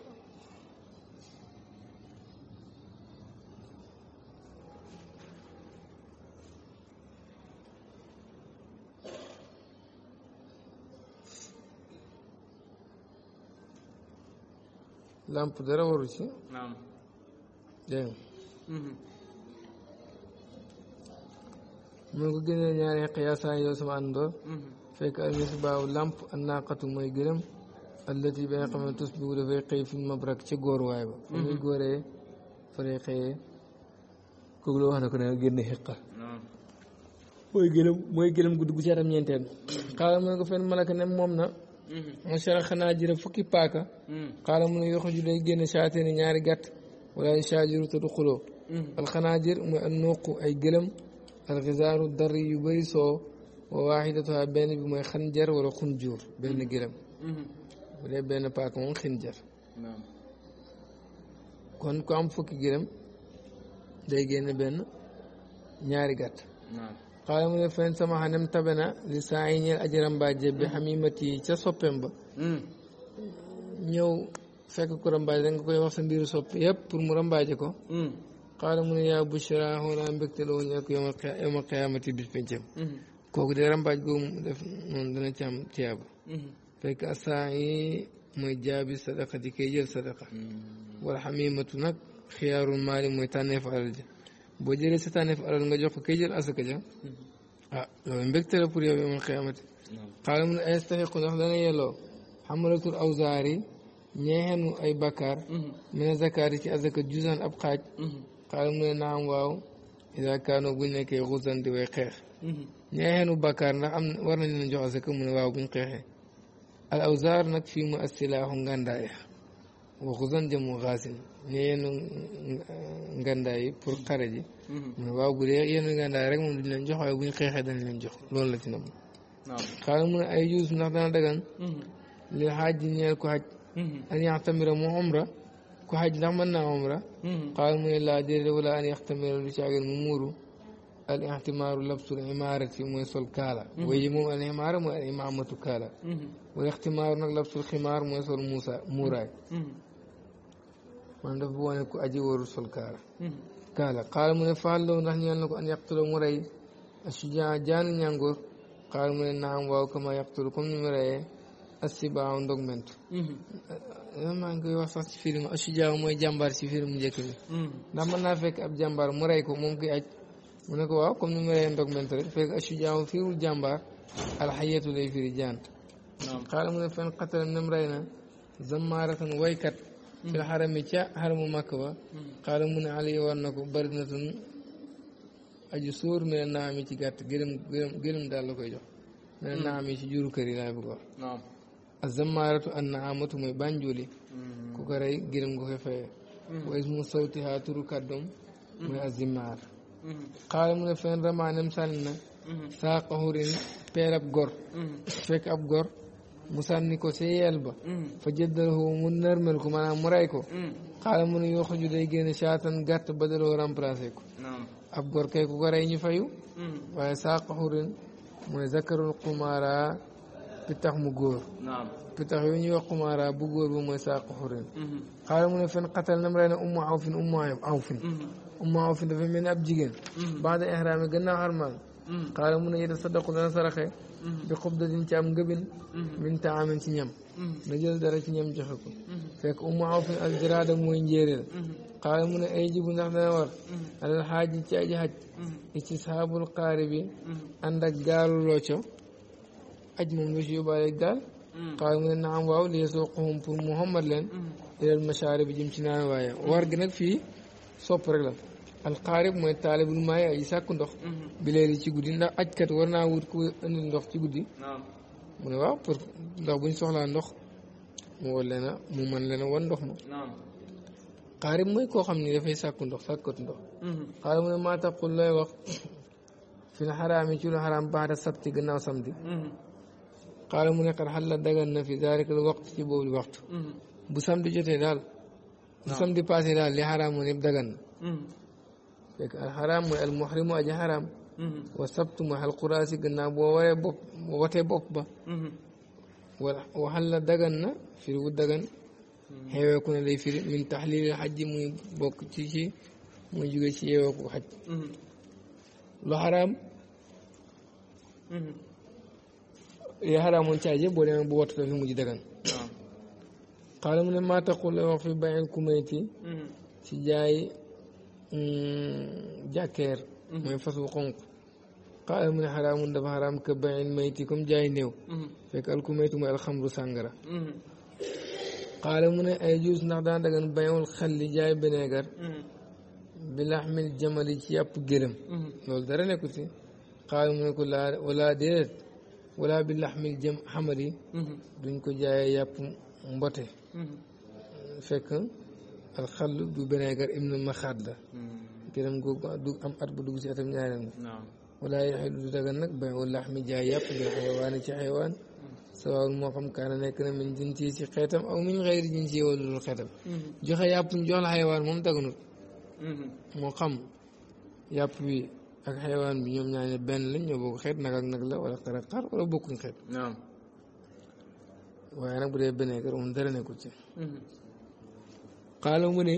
làmp dara waru ci dégg nga mhm. mu ne ko génnee ñaari xiyaasaa yow sama fekk al misbaahu làmp an naaqatu mooy gëlëm allati ba nga xam ne tus biwu dafay xëy fi mabrak ci góor waay ba fu mhm. wax na ko ne génn xiqa mooy gëlëm mooy gëlëm gu dugg ci atam ñeenteel xaaral ne ko fenn malaka ne moom na mhm. mu xanaa fukki paaka xaaral mhm. mu ne yoxu ju day génn saateeni ñaari gàtt wala saajiru te du alxanaajir mooy ay gëlëm alxisaaru dar yu bëri soo wa waaxidatuha benn bi mooy xanjar wala xunjuur benn gërëm mhm. bu dee benn paaka moom xinjar kon ku am fukki gërëm day génn benn ñaari gàtt xaala mu ne fen sama xanem tabe na li saa yi ñeel ajaram mbaaje bi xamimat yi ca soppeem ba mhm. ñëw fekk ku rambaaje da koy wax sa mbiru sopp yëpp pour mu rambaaje ko xaala mhm. ne yaa bushra xoolaa mbégte la woon ak yomal qiyaamati bis pencam kooku de rambaaj googu mu def noonu dana ci am tiyaaba mm-hmm. fekk asaa yi mooy jaabi sadaqa di koy jël sadaqa mm-hmm. wal xamimatu nag xiyaarul maali mooy tànneefu alal ja boo jëlee sa tànneefu alal nga jox ko koy jël asaka ja mm-hmm. ah loolu mbégte la pour yow yomal xiyaamati xaaral mu ne aystaxiqu ndax dana yelloo xamalatul awzaari ñeexenu ay bakkaar mina zakaar ci azaka jusaan ab xaaj xaaral ne naam waaw ida kaanoo buñ nekkee xusan way xeex ñaaxeenu bàkkaar ndax am war nañ leen jox asaka mu ne waaw buñ xeexee al awzaar nag fii mu assilaaxu ngàndaay wa xusan jëmu xaasin ñaaxeenu ngàndaay pour xare ji mhm. mu ne waaw bu dee yenn ngàndaay rek moom duñ leen jox waaye buñ xeexee dañ leen jox loolu la ci nam xaaral mu ne ay juus ndax dana dagan mhm. li xaaj ji ñeel ko xaj mhm. an yaxtamira mu omra ko xaj ndax mën naa omra xaaral mu ne laa déedéet wala an yaxtamira lu caageen mu muuru الاعتمار لبس العمارة ميسل كالا ويجمو العمارة مو الإمامة كالا والاختمار لبس الخمار ميسل موسى موراك واندفو أنكو أجي ورسل كالا كالا قال من فعل لو نحن ينلك أن يقتل مري الشجاع جان ينقر قال من نعم وكما يقتلكم مري السباع دوغمنت أه، ما نقول وصلت في فيلم الشجاع ما يجمع في فيلم جاكلي نعم نافك أب جمبار مريكو ممكن mu ne ko waaw comme ni ma leen ndogmente rek fekk asujaaw fiirul jàmbaar alxayatu lay firi jaan xaala mu ne fan xatala nam ray na zammaaratan waykat fil hmm. xarami ca xaramu ba xaala hmm. mu ne ali war na ko bari na tun aju sóor mel na ami ci gàtt gërëm gërëm koy jox mel hmm. na ami ci juru kër yi laa bëgg wax azamaaratu an naamatu mooy bànjooli ku ko rey gërëm nga koy fayee wa ismu sawtihaa turu kàddoom mooy azimaar قال من فين رمى نمسالنا ساقه رين بير اب غور فيك اب غور مسان يلبا فجدره من نرمل كما مرايكو قال من يخرج دي ген شاتن غات بدلو رامبراسيكو نعم. اب غور كاي كو غاري ني فايو واي ساقه رين من ذكر القمارا بتاخ مو غور نعم بتاخ يو ني قمارا بو غور بو ساقه رين قال من فين قتلنا مرينا ام عوف ام عوف umma aw fi dafa mel ni ab jigéen mm-hmm. baada ihraam yi gannaaw xarmaan xaala mm-hmm. mun a yeta sadaqu saraxe mm-hmm. bi xob da din ci am ngëbin min taamin ci ñam na jël dara ci ñam joxe ko fekk umma aw fi aljiraada mooy njéeréer xaala mun a ay jibu ndax dana war alal xaaji ci aji xaj ci saabul xaari bi ànd ak gaalu looco aj moom la ci yóbbaale gaal xaala mu naam waaw li soo xoxum pour muhammad leen ilal machaari bi ci naan waaye war nag fii sopp la القارب مو طالب الماء اي ساكو ندخ بليري سي غودي ندا اج كات ورنا وود كو اندي ندخ سي غودي نعم مو واو بور ندا بو نسوخلا ندخ مو ولنا مو من لنا وان ندخ نعم قارب موي كو خامني دا فاي ساكو ندخ ساكو ندخ قال مو ما تقول لا وقت في الحرام يجول حرام بعد السبت غناو سمدي قال مو نقر حل دغن في ذلك الوقت في الوقت بو سمدي جوتي دال بو نعم. سمدي باسي دال لي لك الحرام المحرم اجي حرام وسبت محل قراسي قلنا بوري و وتي بوب با وحل دغن في و دغن هيو يكون لي في من تحليل الحج مي بوك تي تي مي جوي سي و حج لو حرام يا حرام انت اجي بوري بوت في مي دغن قال من ما تقول في بيع الكوميتي سجاي jàkkeer mooy fasu wu xonq xaala mu ne xaraamun dafa xaraam ka bayin mayti comme jaay néew fekk alku maytu mooy alxamru sàngara xaala mu ne ay juus ndax daan dagan bayul xelli jaay benegar bi laxmil jamali ci yàpp gëlëm loolu dara nekku ci xaala mu ne ko laa wala déedéet wala bi laxmil jam xamali duñ ko jaayee yàpp mbote fekk alxal du bineegar ibnu maxaat la gërëm hmm. googu du am at bu dugg ci atam ñaareel nga wala du dagan nag bay u laxmi jaay yàpp bi xayawaan ci xayawaan hmm. sawaawun moo xam kaana nekk na min ci xeetam aw min xayri jinsi wala dul xeetam hmm. joxe yàpp jox la xayawaan moom daganut moo xam yàpp bi ak xayawaan bi ñoom ñaane benn lañ ñoo bokk xeet nag ak nag la wala xar xar wala bokkuñ xeet waaye nag bu dee bineegar moom dara nekkul ci xaala mu ne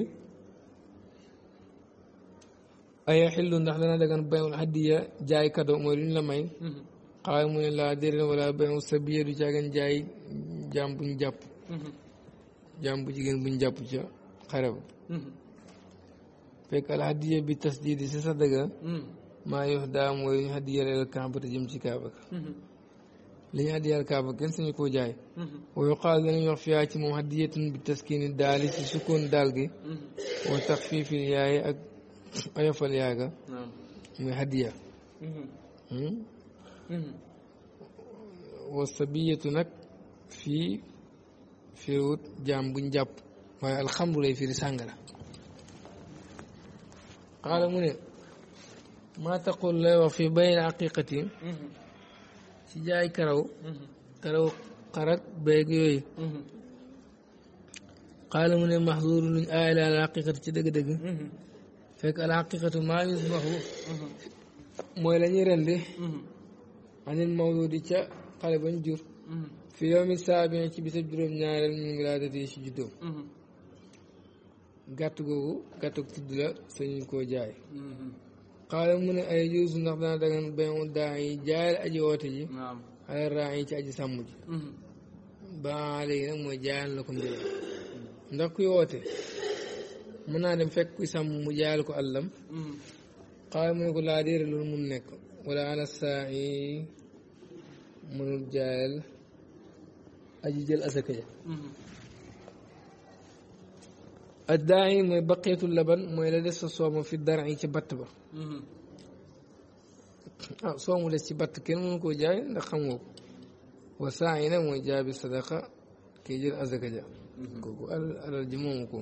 aya xillu ndax dana dagan bayul hadiya jaay kado mooy lu ñu la may mm-hmm. xaala mu ne laa déedéet wala bayul sabiya du caagan jaay jaam buñ jàpp mm-hmm. jaam bu jigéen buñ jàpp ca xare ba mm-hmm. fekk al hadiya bi tasdidi si sa dëgga maa yox daa mooy lu ñu hadiya leel kaabata jëm ci kaaba ka li ñu hadiyal kaaba kenn sañu koo jaay mm-hmm. wa yuqaal danañ wax fiyaa ci moom hadiyatun bi taskini daali ci sukkoon daal gi mm-hmm. wa taxfiifil yaay ak ayofal yaay ga muy hadiya mm-hmm. Hmm? wa sabiyatu nag fii firiwut jaam buñ jàpp waaye alxamru lay firi sàngara qaala mu ne maa taqul lay wax fii bayna aqiqati ci jaay karaw karaw xarak beeg yooyu xaala ne maxzuuru luñ aay la ci dëgg-dëgg fekk alxaqiqatu maa yusbaxu mooy la ñuy rendi anil mawludi ca xale bañ jur fi yowmi saabin ci bisab juróom ñaareel min wilaadati ci juddoom gàtt googu gàttuk tudd la sañuñ koo jaay xaala mu ne ay juusu ndax dana dagan bayu daa yi jaayal aji woote ji ala raa yi ci aji sàmm ji mm-hmm. ba léegi nag mooy jaayal la ko naa dem fekk kuy mu jaayal ko àllam mm-hmm. xaala mu ne ko laa déere loolu mun nekk wala ala saa yi mënul jaayal aji jël asaka ja mm-hmm. addaay mooy baqiyatul laban mooy la des sooma fi dara yi ci batt ba mm-hmm. ah soomu des ci batt kenn mënu koo jaay ndax xam nga wa saa yi nag mooy jaabi sadaqa kii jël azaka ja mm-hmm. kooku alal alal ji moomu ko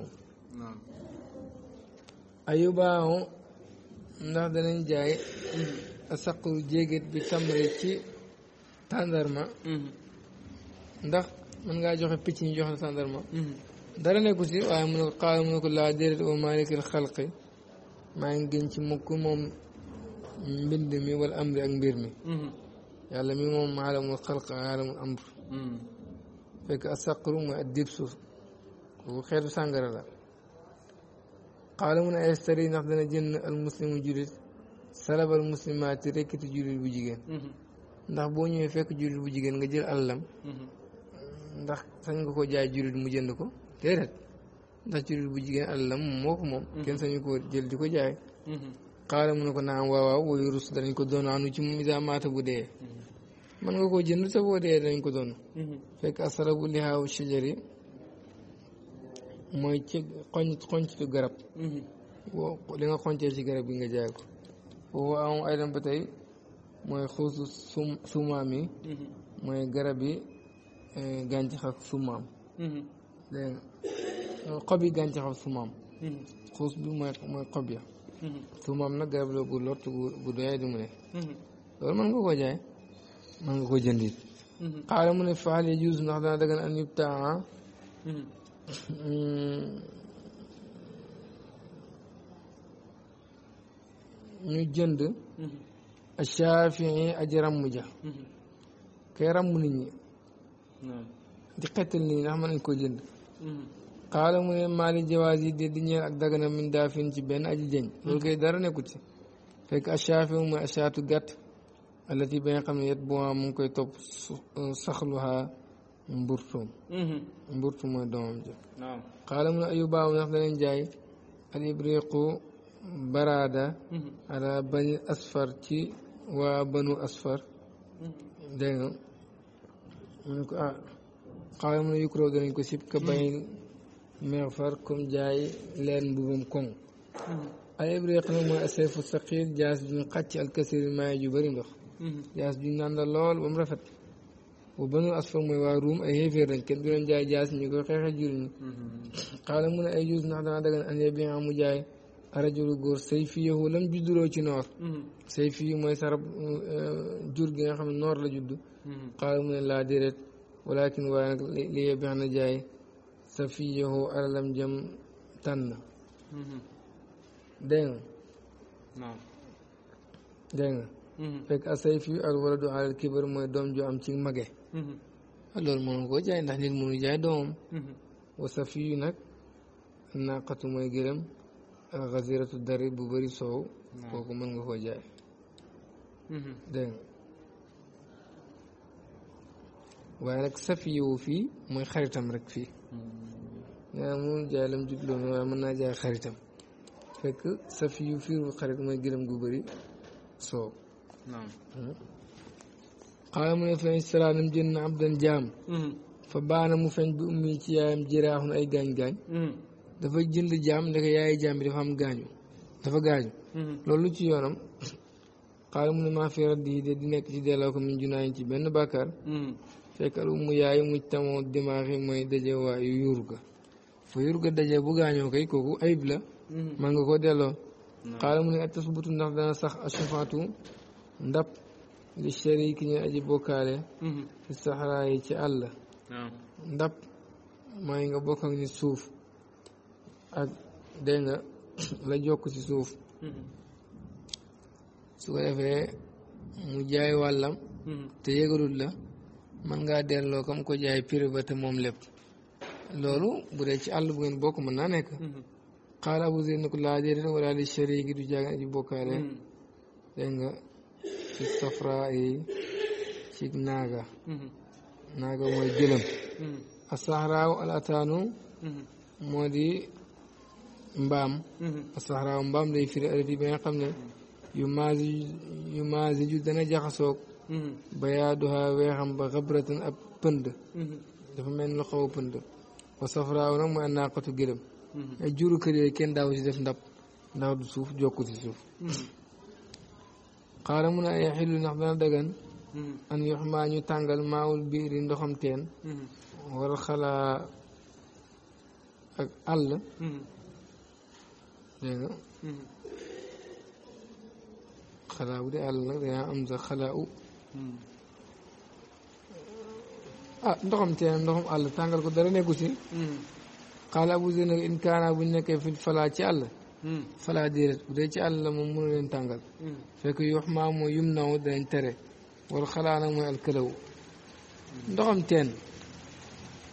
ayubaahu ndax danañ jaay mm-hmm. asaqu jéegét bi tamre ci ndax mën ngaa joxe picc ñi joxe tàndarma dara nekku si waaye mu ne ko xaala mu ne ko laa déedéet wa maalikil xalqi maa ngi gën ci mukk moom mbind mi wala amri ak mbir mi yàlla mi moom aalamul xalq aalamul amr fekk a saqru mooy ak dib suuf kooku xeetu sàngara la xaala mu ne ay stari ndax dana jënd al muslimu julit salabal muslimaati rekkiti julit bu jigéen ndax boo ñëwee fekk julit bu jigéen nga jël àllam ndax sañ nga ko jaay julit mu jënd ko déedéet ndax jullit bu jigéen alalam moo ko moom mhm. kenn sañu ko jël di ko jaay mhm. xaala mu ne ko naam waaw waaw wayu rus danañ ko doon anu ci mu isa maata bu dee mhm. mën nga koo jënd sa boo dee ko doon mooy ci xoñ xoñtu garab li nga xoñtee ci garab bi nga jaay ko foofu am ay dem ba tey mooy xuusu sumaam yi mooy garab yi eh, gàncax ak sumaam dégg nga xob yi gàncaxam sumaam hmm. xuus bi mooy xob ya hmm. sumaam nag garab gu lott gu doyee mu ne hmm. loolu mën nga ko jaay mën nga koo jëndit xaala ne faal ya juus ndax dana dagan an ah. ñu jënd achafii aji ramm ja kay ramm nit ñi di xettal nit ñi ndax mën nañ koo jënd xaala mu ne maali jawaaz di ñeel ak dagana min daafin ci benn aji jëñ loolu koy dara nekkut ci fekk achaafi mooy achaatu gàtt alati ba xam ne yet bu mu ngi koy topp euh, saxluha mburtum mm-hmm. mburtu mooy doomam ji xaala ne ayu baaw ndax danañ jaay al baraada mm-hmm. ala bani asfar ci waa banu asfar mm-hmm. dégg nga mu ah xaaral mu ne yukuroo danañ ko sib ka bayin hmm. meexfar comme jaay leen mbubum koŋ hmm. al ibriq nag a asayfu saqiil jaas juñ xàcc alkasir maay ju bëri ndox hmm. jaas juñ naan la lool ba mu rafet bu banul asfar mooy waa ñu koy xeexe mu ne ay juus ndax dana dagan an yebia mu jaay rajulu góor say fi yowu lam judduloo ci noor say fi mooy sarab euh, jur gi nga xam noor la judd xaaral mu laa déret walakin waaye nag li yebbeex na jaay safiyahu alalam jëm tànn mhm. dégg nga dégg nga mhm. fekk asay al waladu alal kibar mooy doom ju am ci mage mhm. ah, loolu mënu koo jaay ndax nit mënu jaay doomam wa safiyu nag naqatu mooy gërëm xasiratu dari bu bëri soow kooku mën nga koo jaay dégg nga waaye nag safiyewu fii mooy xaritam rek fii yaa moom jaay lam jubloo waaye mën naa jaay xaritam fekk safiyu fiiru xarit mooy gërëm gu bari soow xaaral ne fa istaraanam jënd na abdan jaam hmm. fa baana mu feeñ bi ummi ci yaayam jiraaxun ay gaañ-gaañ hmm. dafa jënd jaam ndeke yaay jaam bi dafa am gaañu dafa gaañu hmm. loolu ci yoonam xaaral ne maa fi raddi de di nekk ci delloo ko min junaayin ci benn bàkkaar fekk al umu yaay muj tamoo dimaaxi mooy daje waayu yuur ga fa yuur ga daje bu gaañoo kay kooku ayib la man mhm. nga ko delloo xaala mu ne ak tasbutu ndax dana sax ashafaatu ndab li shariki ñu aji bokkaale ci mhm. saxaraa yi ci àll ndab mooy nga bokk ni suuf ak dégg nga la jokk ci suuf mhm. su ko defee mu jaay wàllam te yëgalul la mën ngaa delloo comme ko jaay pire ba te moom lépp loolu bu dee ci àll bu ngeen bokk mën naa nekk mm-hmm. xaala Abu Zayd ne ko laa déedéet wala li shari gi du jaagan aji bokkaale mm-hmm. dégg nga ci safra yi naaga mm-hmm. naaga mooy jëlam asaxraaw al ataanu moo di mbaam asaxraaw mbaam day firi arab yi ba nga xam ne yu maasi yu maasi ju dana jaxasoog ba yaaduha weexam ba xabratan ab pënd dafa mel ni xaw a pënd wa safraaw nag mooy naaqatu gëlëm mm-hmm. ay juru kër yooyu kenn daaw ci def ndab ndax du suuf jokku ci suuf mm-hmm. xaala mun a ay xillu ndax dana dagan mm-hmm. an yox xalaa nga xalaa bu dee àll nag danaa am sa xalaa u ah ndoxam teen ndoxam àll tàngal ko dara nekku si bu hmm. abu zeynab in kaana buñ nekkee fi falaa ci àll hmm. falaa déedéet bu dee ci àll la moom mënu leen tàngal hmm. fekk yox maa mooy yum naw danañ tere wala xalaa nag mooy alkëlawu ndoxam teen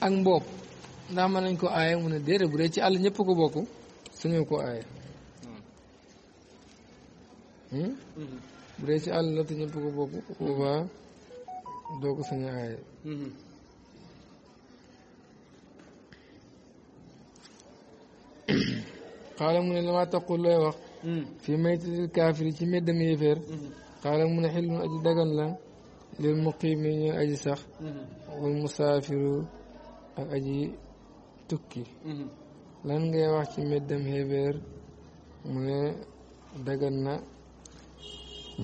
ak mboob ndax mën nañ ko aaye mu ne déedéet bu dee ci àll ñëpp ko bokk suñoo ko aaye bu dee ci àll la te ñëpp ko bokk mm-hmm. mu ne la maa taqul looy wax mm. fii kaafiri ci meddam yéeféer xaala mm-hmm. mu ne xillun aji dagan la lil muqiimi ñeen aji sax mm-hmm. wal musaafiru ak aji tukki lan ngay wax ci meddam yéeféer mu ne dagan na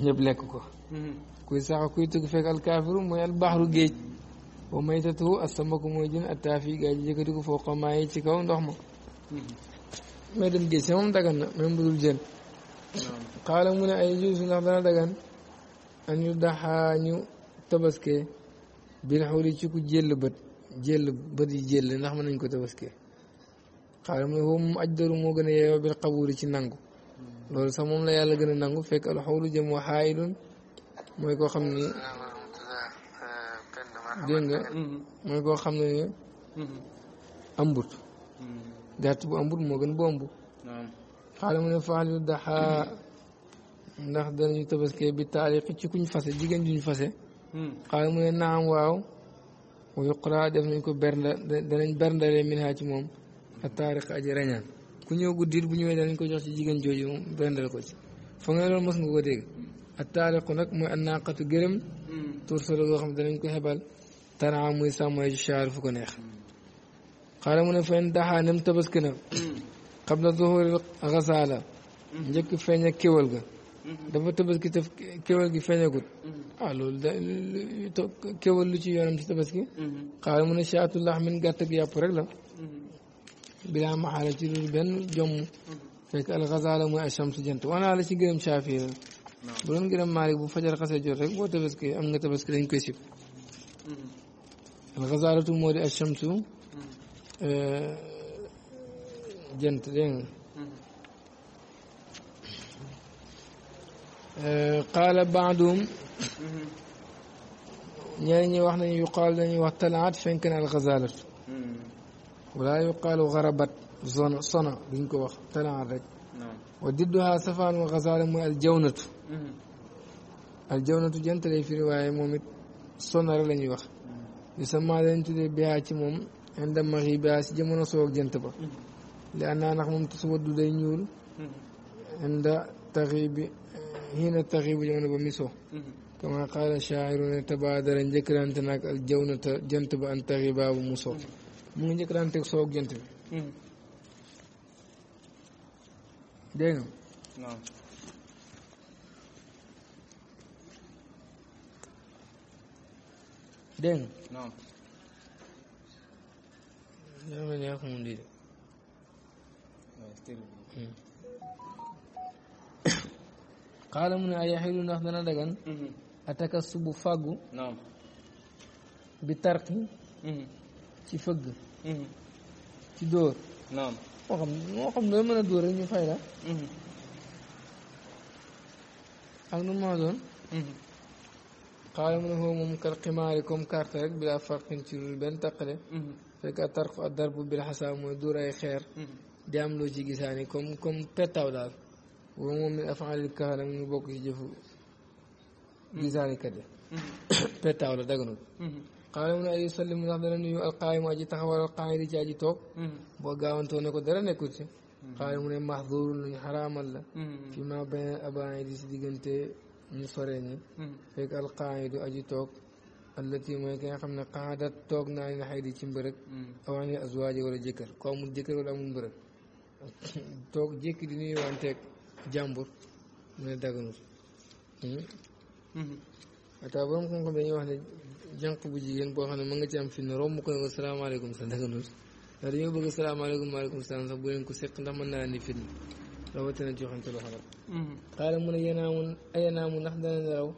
ñëpp lekk ko mm-hmm. kuy sax kuy tugg fekk alkaafiru mooy albaxru géej wa maytatu asamaku mooy jën attaafi gaa ji yëkkati ko foo xamaa yi ci kaw ndox ma may mm-hmm. dem géej si moom dagan na même bu dul jën mu ne ay jus ndax dana dagan an ñu daxaa ñu tabaske bil xuri ci ku jël bët jël bët yi jël ndax mën nañ ko tabaske xaala mu ne foofu moom ajdaru moo gën a yeeyoo bil xabuuri ci nangu loolu sax moom la yàlla gën a nangu fekk alxawlu jëm wa xaayilun mooy koo xam ni euh, euh, dégg nga mm-hmm. mooy koo xam ne ne ambut mm-hmm. mm-hmm. gàtt bu ambut moo gën bu ambu xaala mu ne faalilu daxaa ndax danañu tabaskee bi taaliq ci kuñ fase jigéen juñ fase xaala ne naam waaw wa yuqra def nañ ko bernda danañ berndale min haa ci moom a taariq aji reñaan ku ñëw guddiit bu ñëwee danañ ko jox ci jigéen jooju moom berndal ko ci fa nga loolu mos nga ko dégg ak nag mooy annaqatu gërëm hmm. tur solo goo xam ne danañ ko xebal tara muy sàmmay ci char fu ko neex xaaral mu ne fen daxaa tabaski na xam hmm. na zuhuril xasaala hmm. njëkk feeñ ak kéwal ga dafa tabaski te gi feeñagut ah loolu da kéwal lu ci yoonam ci tabaski xaaral mu ne chaatu laxmin gàtt ak yàpp rek la بلا محالة تدور بين جم فك الغزالة مو أشمس جنت وأنا على شيء قدم شافي نعم. بلون قدم مالك بو فجر قصي جور رك بو تبسك أم نتبسك لين كسب الغزالة مو أشمس آه، جنت لين آه، قال بعضهم ñeñ ñi wax nañu yu xol dañu wax talaat fenk na al ghazalat ولا يقال غربت صنع صنع بينكو وخ تنا رك نعم. وددها سفان وغزال مو الجونة الجونة جنت لي في رواية مومت صنع لن يوخ يسمى لن تدي بها تموم عند مغيبا سجمونا سوق جنت با لأننا نخمم تصود دي نيول عند تغيب هنا تغيب جونة بميسو كما قال الشاعر تبادر جكرا انتناك الجونة جنت بأن تغيبا بموسو mu ngi njëkk daan teg soog jant bi hmm. dégg nga dégg nga dama ñaa ko mun di xaala mu ne ay yaxilu ndax dagan hmm. ataka subu fàggu bi tarki hmm. ci fëgg. ci dóor. naam moo xam moo xam looy mën a dóor rek ñu fay la. ak nu maa doon. xaaral mu ne foofu moom kal ximaari comme carte rek bilaa farqin ci lu benn taqale. fekk a tarku a darbu bil xasaa mooy dóor ay xeer. di am loo ci gisaani comme comme pettaw daal. boobu moom min afaalil kahanam mu bokk ci jëfu. gisaani kat yi. pettaw la daganul. xaaral mu ne ay sallim ndax dana nuyu alqaayimu aji taxawal alqaayidi ci toog. Mm-hmm. boo gaawantoo ko dara nekkul ci. Mm-hmm. mu ne maxduurun luñ xaraamal la. Mm-hmm. fi ma beneen abaay di si diggante ñu sore ñi. fekk alqaayidu aji toog. allati mooy ki nga xam ne toog naa ne xaydi ci mbërëg. awan yi azwaaji wala jëkkër ko amul jëkkër wala amul mbërëg. toog jékki di nuyu wanteeg jàmbur mu ne daganul. waaw taw boobu wax ne. jànq bu jigéen boo xam ne mën nga ci am fitna romb ko ne ko salaamaaleykum sa daganul ndax dañoo bëgg salaamaaleykum maaleykum salaam sax bu leen ko seq ndax mën naa andi fitna rawatina ci a lu xaram xaala mu ne yanaamu ayanaamu ndax dana nelaw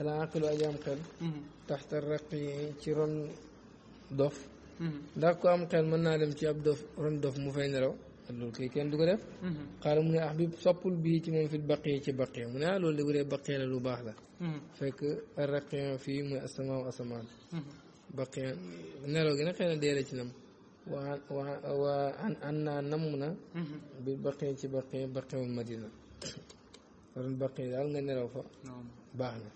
ala aqilu aji am xel mm-hmm. taxta raqi ci ron dof mm-hmm. ndax ko am xel mën naa dem ci ab dof ron dof mu fay nelaw loolu kay kenn du ko def mhm. xaala mu ne ahbib soppul bii ci moom fil baqi ci baqi mu ne ah loolu de bu dee baqi la lu baax la mhm. fekk raqiyan fii mooy asamaaw asamaan mhm. baqiyan nelaw gi nag xëy na deere ci nam waa waa waa an an naa namm na bil baqi ci baqi baqiwul madina waroon baqi daal nga nelaw fa baax na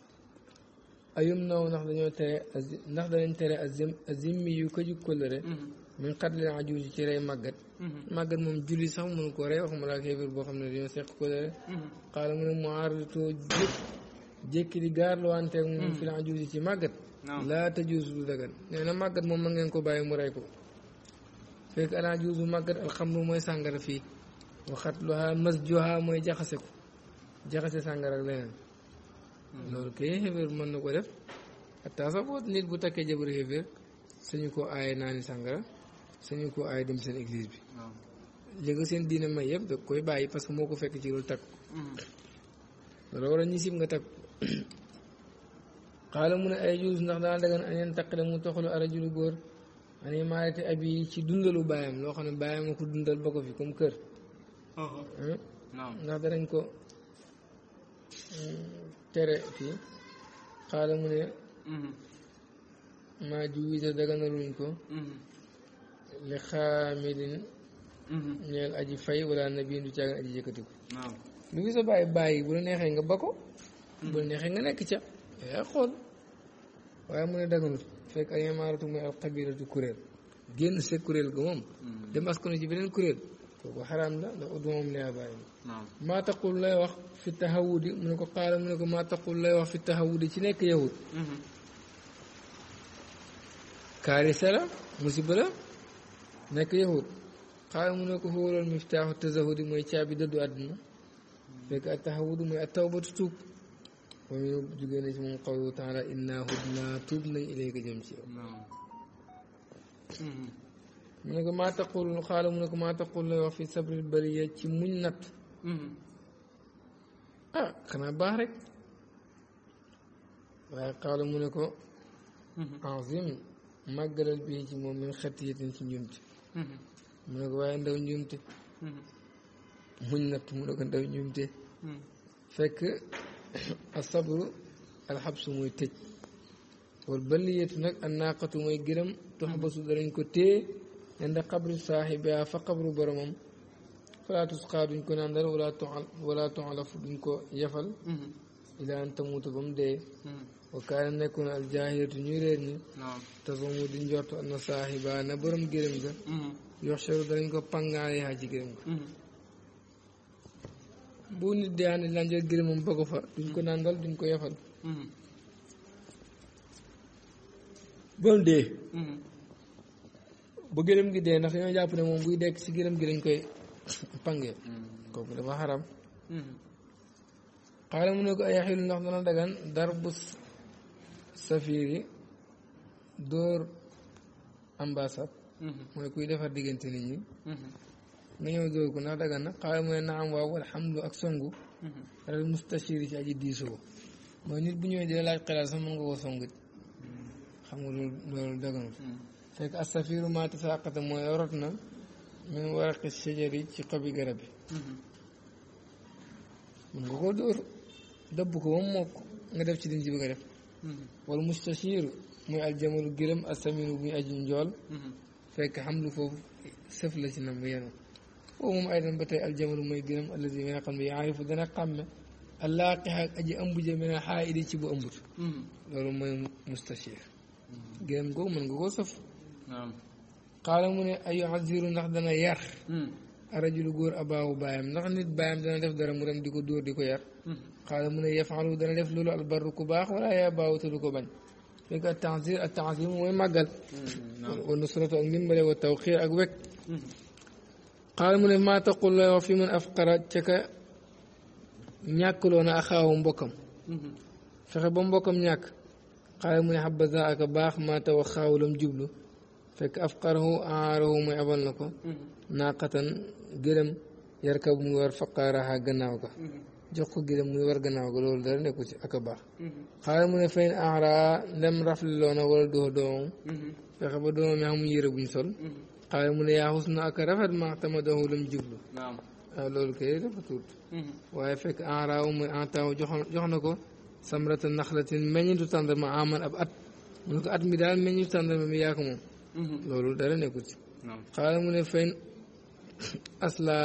ayum naw ndax dañoo tere ndax danañ tere azim azim yu ko ju kóllëre min xatli ajuusi ci rey màggat mm-hmm. màggat moom julli sax mënu ko rey waxuma laa kéefir boo xam ne dañoo seq ko dara xaala mm-hmm. mu ne mu aaratoo jëkk jékki di gaar lu wante ak moom mm-hmm. fil ci màggat laa tajuusu du dagan nee na màggat moom mën ngeen ko bàyyi mu rey ko fekk al ajuusu màggat alxamru mooy sàngara fii waxat luha masjuha mooy jaxase ko jaxase sàngara ak leneen loolu kay xéeféer mën na ko def ataa sax boo nit bu takkee jabar xéeféer sañu ko aay dem seen église bi li nga seen diina may yëpp da koy bàyyi parce que moo ko fekk ci loolu takk mm-hmm. loolu war a ñu nga takk xaala mu ne ay juus ndax daa dagan aneen taqale mu toxalu arajulu góor anee ci dundalu baayam loo xam ne baayam a ko dundal ba ko uh-huh. hmm? ko hmm, tere fii xaala mu ne mm-hmm. maa juwisa daganaluñ ko mm-hmm. li xaamilin mhm. ñeel aji fay wala nabiin du caagan aji yëkkatiku lu ngi sa bàyyi bàyyi bu la neexee nga ba ko mhm. bu la neexee nga nekk ca yaa xool waaye mu ne daganut fekk al imaaratu mooy al xabiratu kuréel génn sa kuréel ga moom mhm. dem askanu ci beneen kuréel kooku xaraam la ndax ut moom laa lay wax fi taxawudi mu ne ko xaala mu ne ko maa lay wax fi taxawudi ci nekk yahud kaarisa la musiba la nekk yahud xaaral mu ne ko xóolal miftaaxu tazahudi mooy caabi dëddu àdduna fekk ak taxawudu mooy ak tawbatu tuub moom yow jugee na ci moom qawlu taala inna hudnaa tuub nañ ilayka jëm ci yow. mu ne ko maa taqul xaaral mu ne ko maa taqul lay wax fi sabril bariya ci muñ natt. ah xanaa baax rek waaye xaaral mu ne ko. azim màggalal bii ci moom min xatiyatin ci njumte Mm-hmm. mu ne ko waaye ndaw njuumte mm-hmm. muñ natt mu ne ko ndaw njuumte mm-hmm. fekk asabru alxabsu muy tëj wal baliyatu nag an naaqatu mooy gërëm tuxbasu danañ ko téye inda xabru saaxibiha fa xabru boromam falaa tusqaa duñ ko naan dara wala toxal wala toxalafu duñ ko yafal ilaa an tamuuta ba dee wa kaana nekkoon al jaahilatu ñu réer ñi tafamu di njort na saaxiba na borom gërëm ga mm-hmm. yox seeru danañ ko pangaale yaa ci gërëm ga mm-hmm. bu fa duñ ko nàndal duñ ko yafal mm-hmm. gërëm gi dee ndax ñoo jàpp ne moom buy dekk ci gërëm gi dañ koy pange kooku dafa xaram xaaral mu ne ko ay xelu ndax dana dagan dar bus safiir yi dóor ambassade mooy mhm. kuy defar diggante nit ñi mhm. nga ñëw dóor ko ndax dagan na xaala mu ne na am waaw ak songu mhm. al mustashir ci aji diisoo mooy nit bu ñëwee di la laaj xalaat sax mën nga koo songu xam nga loolu loolu daganul fekk asafiru ma tasaaqata mooy rot na min waraqi shajari ci xobi garab yi nga koo dóor dëbb ko ba mu nga def ci liñ ci bëgg def Mm-hmm. wala mustachir muy aljamalu gërëm asaminu muy aju njool mm-hmm. fekk xam lu foofu sëf la ci nam yenu foofu moom ay ba tey aljamalu mooy gërëm alladi mi nga xam ne yaarifu dana xàmme ci bu ëmbut mm-hmm. loolu mooy mustachir gërëm googu mën nga koo sëf xaala mu ne ayu aziru ndax dana yar mm. arajulu góor abaawu baayam ndax nit baayam dana def dara mu dem di ko dóor di ko yar قال من يفعل دنا يفلل البر كباخ ولا يباوت لكبن فيك التعزير التعظيم وين ما قال نعم. والنصرة أنجمل والتوخير أقبك قال من ما تقول له وفي من أفقر تك نأكلون أخاهم بكم فخبم بكم نأك قال من حبذا أكباخ ما توخاه لم جبله فك أفقره أعاره ما أبن لكم ناقة قرم يركب مور فقارها جناوكا jox ko gëlëm muy war gannaaw ga loolu dara nekku ci ak a baax xaaral mu ne fayn ara ndem rafetloona wala doo doom fexe ba doomam yaa mu yére buñ sol xaaral mu ne yaa xus na ak rafet ma tama doxu lam jublu waaw loolu kay dafa tuut waaye fekk ara mooy en temps jox jox na ko samrata naxlatin du tàndarma aman ab at mu ne ko at mi daal du tàndarma mi yaa moom loolu dara nekku ci xaaral mu ne fayn asla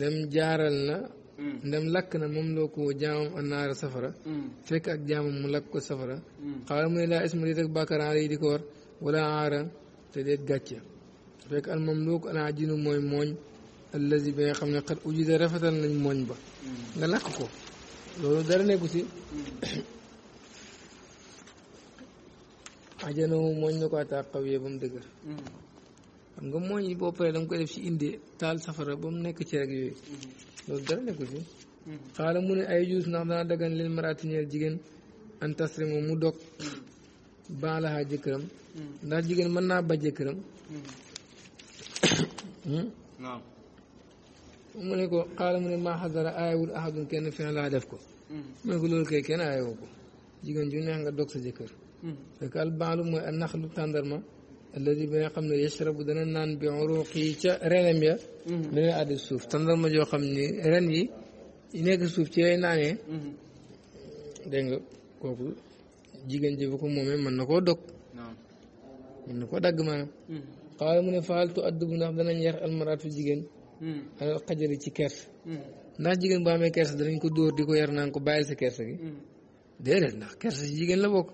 lem jaaral na Mm. ndem lakk na moom loo ko jaamam annaara safara mm. fekk ak jaamam mu lakk ko safara mm. xaaral mu ne laa isma déet ak bàkkaar aara yi di ko war wala aara te déet gàcce fekk al moom loo ko alaa jinu mooy mooñ allazi bi nga xam ne xat ujida rafetal nañ mooñ ba nga lakk ko loolu dara nekku si ajanowu mooñ na ko ataa xawee ba mu dëgër xam nga mooñ yi boo paree da nga koy def ci indee taal safara ba mu nekk ci rek yooyu mm-hmm. loolu dara nekkul ci hmm. xaala mu ne ay juus ndax dana dagan leen maraati jigéen an tasri mu dog hmm. baalaxaa jëkkëram hmm. ndax jigéen mën naa ba jëkkëram mu ne ko xaala mu ne maa xasara aayawul kenn fexe def ko mu ne ko loolu kay kenn aayawoo ko jigéen ju neex nga dog sa jëkkër fekk albaalu mooy a naxlu tàndarma alladi bi nga xam ne bu dana naan bi uruqi ca renam ya mm-hmm. mine addi suuf tàndarma joo xam ni ren yi yi nekk suuf ci lay naanee mm-hmm. dégg nga kooku jigéen ji ko moomee mën na koo dog mën na koo dagg maanaam xaala mm-hmm. mu ne faaltu addubu ndax dana ñeex almaratu jigéen al xajari ci kerse ndax jigéen bu amee kerse danañ ko dóor di ko yar naan ko bàyyil sa kerse gi déedéet ndax kerse si jigéen la bokk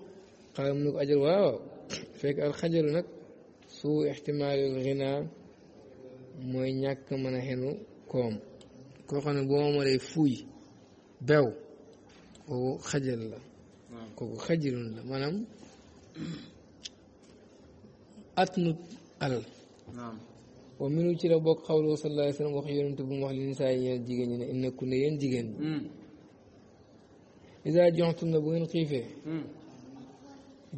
xaala ne ko ajal waaw fekk al nag suu ixtimaalil xinaa mooy ñàkk mën a koom koo xam ne boo amalee fuuy bew kooku xajal la kooku xajalun la maanaam at nut alal wa minu ci la bokk xawlu sallallahu alayhi wa sallam bu mu wax li nisaa yi ñeen jigéen ñi ne inna ku ne yéen jigéen bi hmm. isa joxtun na bu ngeen xiifee hmm.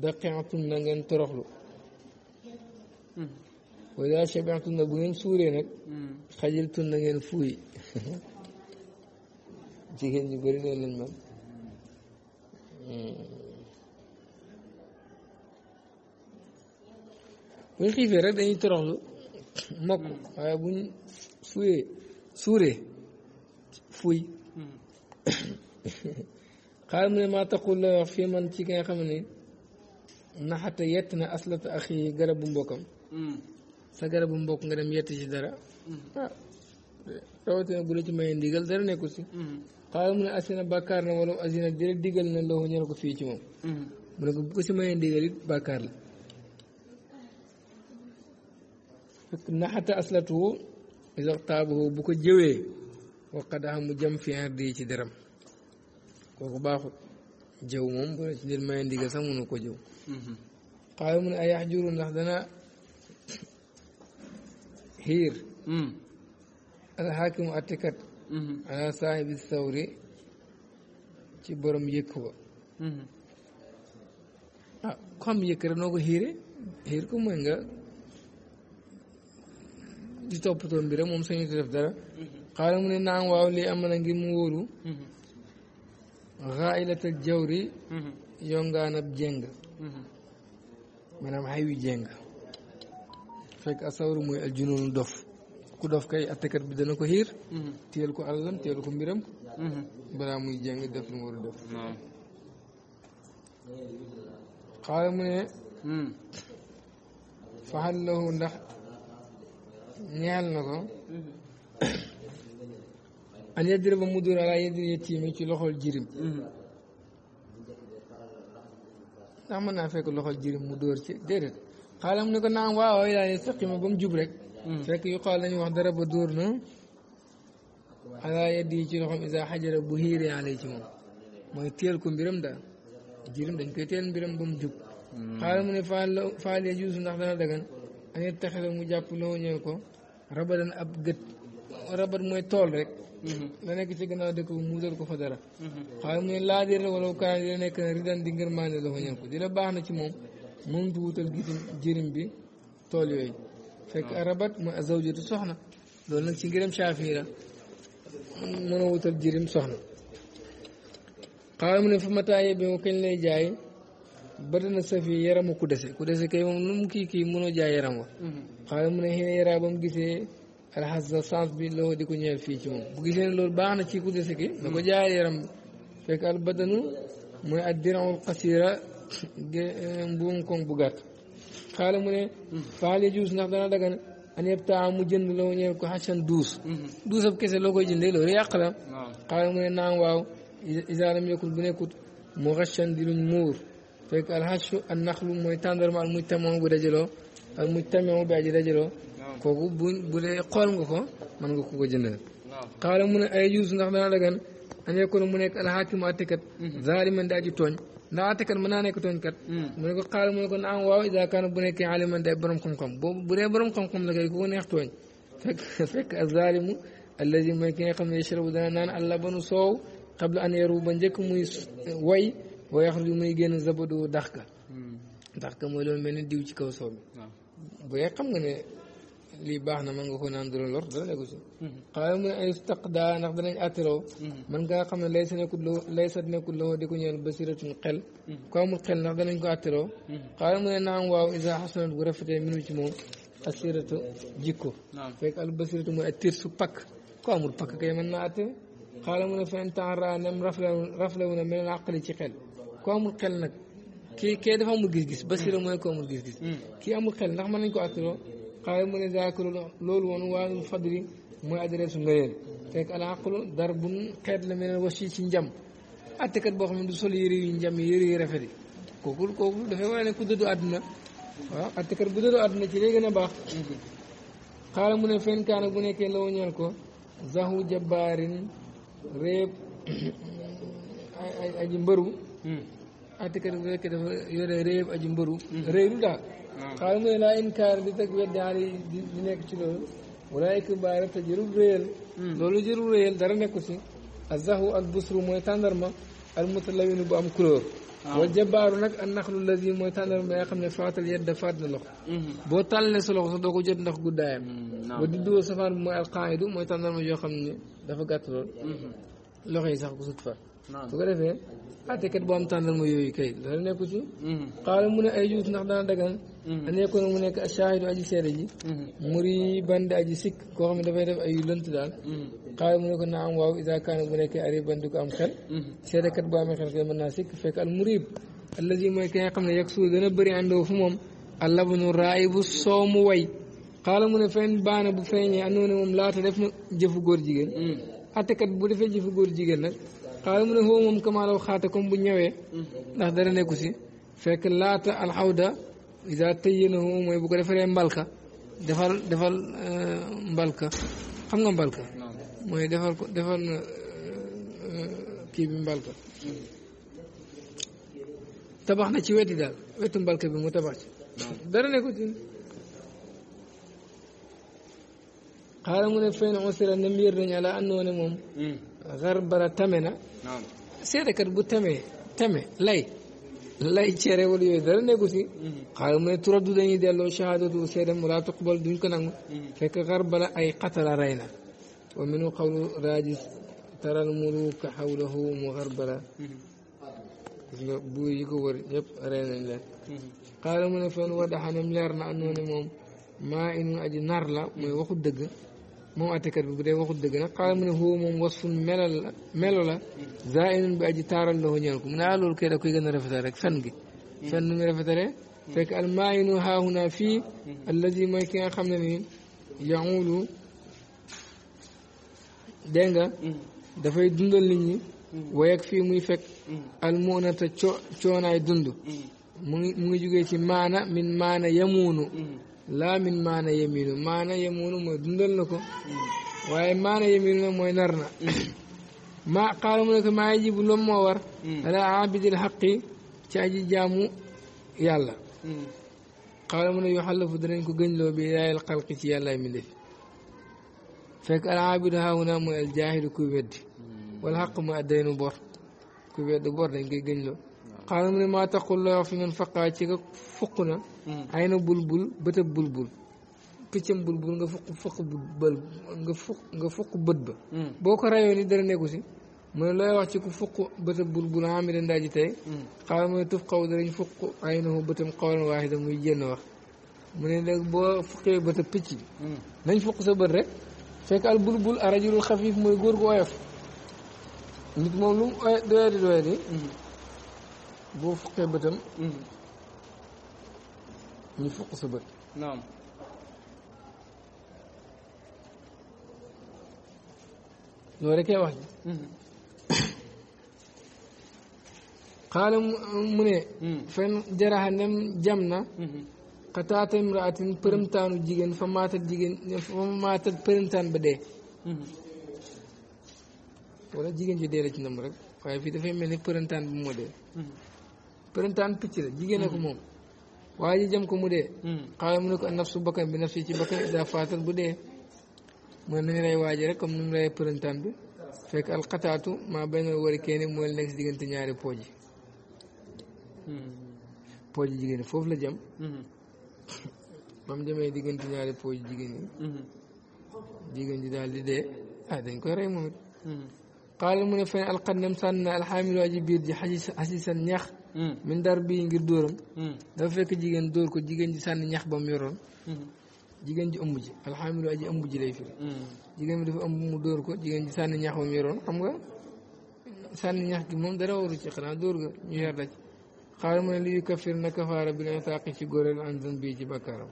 daqiatun na ngeen toroxlu وإذا شبعتن بوين سورينك خجلتن نغير فوي جيهن جبرين للمم وين كيف رد أي ترانو مك هاي بوين فوي سوري فوي قال من ما تقول في من تيجي خمني نحت يتنا أصلت أخي قرب بكم sa garabu mbokk nga dem yett ci dara ah rawatina bu la ci mayee ndigal dara nekkul si xaaral ne asina bàkkaar na wala asina direct digal na loo ñëw ko fii ci moom mu ne ko bu ko si jëwee waqadaha mu jam fi ardi ci deram kooku bu la ci dir mayee ko ne ay yaxjuru ndax dana xiir alxaakimu attikat ala saahibi sawri ci boroom yëkk ba ah xam yëkk rek noo ko xiire xiir ko mooy nga di toppatoo mbir rek moom sañu def dara mhm. xaaral mu ne naam waaw lii am na ngir mu wóolu xaayilatal mhm. jawri mhm. yongaanab jéng maanaam xay wi jéng fekk asawru mooy al dof ku dof kay attakat bi dana ko xiir mhm. téyel ko alalam téyel ko mbiram mhm. balaa muy jàng def lu mu war a def xaala mu ne hmm. ndax ñaal na mhm. mu dóor ci loxol jirim ndax mën naa fekk loxol jirim mu dóor ci déedéet xaala mu ne ko naam waaw ilaa yastaqima ba mu jub rek hmm. fekk yu xaal lañu wax dara ba dóor na alaa yeddi ci loxoom isa xajara bu xiiree ci moom mooy teel ko mbiram daal jirim dañ koy teel mbiram ba mu jub hmm. xaala mu ne faal faal ya mu jàpp loo ko rabadan ab gët rabat mooy tool rek hmm. la nekk ci gannaaw dëkk bu muutal ko fa dara xaala mu laa dir la wala kaan di la nekk na ridan di ngërmaande loo ñëw ko di baax na ci moom moom du wutal gi bi tool yooyu fekk ah. arabat mooy azawjatu soxna loolu nag ci ngirëm Shaafi la mën a wutal jërim soxna xaaral mu ne fa mataaye kañ lay jaay bari na saf yi ku dese ku dese kay moom mu kii kii mënoo jaay mhm. gisee bi loo di ko ne loolu baax na ci ku dese ki na ko mhm. jaay yaram fekk albadanu mooy ad dirawul qasira Eh, mbuum koŋ bu gàtt xaala mu ne faal yajuus ndax dana dagan an yabtaa mu jënd loo ñeel ko xaccan duus mhm. duus ab kese loo koy jëndee loolu yàq la xaala mu ne naam waaw isaaram yokkut bu nekkut mu xaccan di luñ muur fekk alxaccu an naxlu mooy tàndarma al muj tamoo bu dajaloo al muj tamoo bi aji dajaloo kooku bu bu dee xool nga ko mën nga ko ko jëndal xaala mu ne ay ndax dana dagan an yekkut mu nekk alxaakimu attikat mhm. zaaliman di aji tooñ ndax àttekat mën naa nekk tooñkat hmm. mu ne ko xaal mu ne ko naam waaw isa kaana bu nekkee aliman day borom xam-xam boobu bu dee borom xam-xam la kay ku ko neex tooñ fekk fekk azalimu allazi mooy ki nga xam ne yashrabu dana naan allah banu soow xabla an yaru ba njëkk muy way wa yaxruju muy génn zabadu dax ka hmm. dax ka mooy loolu mel ni diw ci kaw soow bi bu dee xam nga ne lii baax na mën nga ko naan dara lor dara nekku si xaaral mu ne ay staqdaa ndax danañ attiroo man ngaa xam lay sa nekkul lay sa nekkul loo di ko ñeel basiratun xel ko amul xel ndax danañ ko attiroo xaaral mu ne naam waaw isa xasanat bu rafetee minu ci moom asiratu jikko fekk al basiratu mooy attir su pakk ko amul pakk kay mën naa attire xaaral mu ne fen tempsra nem rafle raflewu na mel àqali ci xel ko amul xel nag kii kee dafa amul gis-gis basira mooy ko amul gis-gis kii amul xel ndax mën nañ ko attiroo kawe mone dakiro lolu won wawi fadri moy adresse ngayel te ko ala aqlu darbun xetla menen wasi ci jam atte kat bo xamne du sol yere yu jam yere yere fere kokul kokul dafa wane ku dudu aduna wa atte kat bu dudu aduna ci legena bax xala mune fen kana bu nekké lo ñal ko zahu jabarin rek ay ay mbeuru atte kat rek dafa yore rek aji mbeuru rek lu dal xaaral mooy laa inkaar bi teg weddi xaal yi nekk ci loolu walaay kibaare te jërul réyal hmm. loolu jërul réyal dara nekku si azahu al busru mooy tàndarma al mutalawinu bu am couleur ah. wal jabaaru nag a naxlu lazi mooy tàndarma ba xam ne faatal yedda faat na hmm. boo tàllalee sa loxo doo ko jot ndax guddaayam hmm, ba didduwoo safaan bi mooy al qaidu mooy tàndarma yoo xam ne dafa gàtt lool loxo yi sax ko sut fa su ko defee atekat boo am tàndarma yooyu kay dara nekku si xaaral mu ne ay juus ndax dana dagan Mm-hmm. a nekkoon mu nekk shaahidu aji seede ji mm-hmm. muri bandi aji sikk koo xam ne dafay def ay lënt daal mm-hmm. xaala mu ne ko na am waaw isa kaana bu nekkee ari bandi ko am xel seedekat bu amee xel kay mën naa fekk al mooy ki nga xam ne yag suu dana bëri àndoo fu moom allabnu raay bu soow mu way xaala mu ne fen baana bu feeñee andoona moom laata def na jëfu góor jigéen attekat bu defee jëfu góor jigéen nag xaala mu ne foofu moom kamaalaw xaata comme bu ñëwee ndax dara nekku si fekk laata alxawda isa tëyyanahu mooy bu ko defaree mbalka defal defal euh, mbalka xam nga mbalka mooy defal na euh, kii bi mbalka tabax na ci weti daal wetu mbalka bi mu tabax ci dara ne ko ci xaaral mu ne fay na onsira ndem yër nañu ala andoo ne moom xarbara hmm. tame na seedekat bu tamee tame lay لا يشيره ولا يدري نعوسي قالوا من تردد دنيا دلوا شهادة وسيرة ملا تقبل دنيك نعم فكر بلا أي قتل رأينا ومن قول راجس ترى الملوك حوله مغربلا بوي يقول يب رأينا لا قالوا من فن ودحنا ملارنا أنو نمهم ما إنه أجي نار لا ما يوخد دقة moom àttekat bi bu dee waxut dëgg nag xaaral mu ne foofu moom wasfun melal la melo la zainun bi aji taaral la ko ñeel ko mu ne ah loolu kay da koy gën a rafetal rek fen hmm. nu muy rafetale fekk hmm. mooy ki nga xam ne ni yaulu dégg nga hmm. dafay dundal nit ñi wayak fii muy fekk almunata coonaay dund mu ngi jugee ci maana min maana yamuunu laa min maana yeminu maana yemunu mooy dundal na ko waaye maana yeminu nag mooy nar na hmm. ma xaala mu ko maa yajibu loolu moo war hmm. ala abidil xaqi ci aji jaamu yàlla xaala hmm. mu ne yoo xalafu danañ ko gëñloo bi ilaayil xalqi ci yàllaay mi ndefi fekk al abidu haahuna mooy al jaahilu weddi wala xaq mooy addaynu bor kuy weddi bor dañ koy gëñloo xaaral mu ne maa taxul loo fi man faqaa ci nga fuq na. Hmm. ay na bulbul bëtëb bulbul piccam bulbul nga fuq bët nga fuq nga bët ba. Hmm. boo ko rayoo ni dara nekku si mu ne looy wax ci ku fuq bëtëb bulbul ah mi dañ da ji tey. Hmm. xaaral mu ne tuf xaw danañ fuq ay na bëtam muy jénn wax mu ne léegi boo fuqee bëtëb picc. nañ fuq sa bët rek fekk al bulbul arajulul xafiif mooy góor gu oyof nit moom lu mu doyadi doyadi. boo fuqee bëtam hmm. ñu fuq sa bët naam wax ji hmm. xaala mu ne hmm. fen jaraxa jam na xataata imraatin përëmtaanu jigéen fa maatat jigéen fa maatat përëmtaan ba dee wala jigéen ji dee rek waaye fii dafay mel ni përëmtaan bu moo dee perentaan picc la jigéen a ko mm. moom waaye ji ko mu dee mm. xaala ne ko nafsu bakkan bi nafsi ci bakkan ida faatal bu dee mu ne nañu rey comme nu mu rey bi fekk alxataatu maa bay nekk diggante ñaari pooj yi mm-hmm. pooj jigéen foofu la jëm mm-hmm. ba mu jëmee diggante ñaari pooj mm-hmm. jigéen ji daal di dee ah dañ koy rey moom it ne fen alxat nem sànn ji biir ji ñax Hmm. min bii ngir dóoram hmm. dafa fekk jigéen dóor ko jigéen ji sànni ñax ba mu yoroon hmm. jigéen ji ëmb ji alhamdulilah aji ëmb ji lay firi jigéen bi dafa ëmb mu dóor ko jigéen ji sànni ñax ba yoroon xam nga sànni ñax gi moom dara waru ci xanaa dóor ga ñu yer la ci xaaral mu ne liy na kafaara bi leen sàqi ci góoreel an bii ci bakkaaram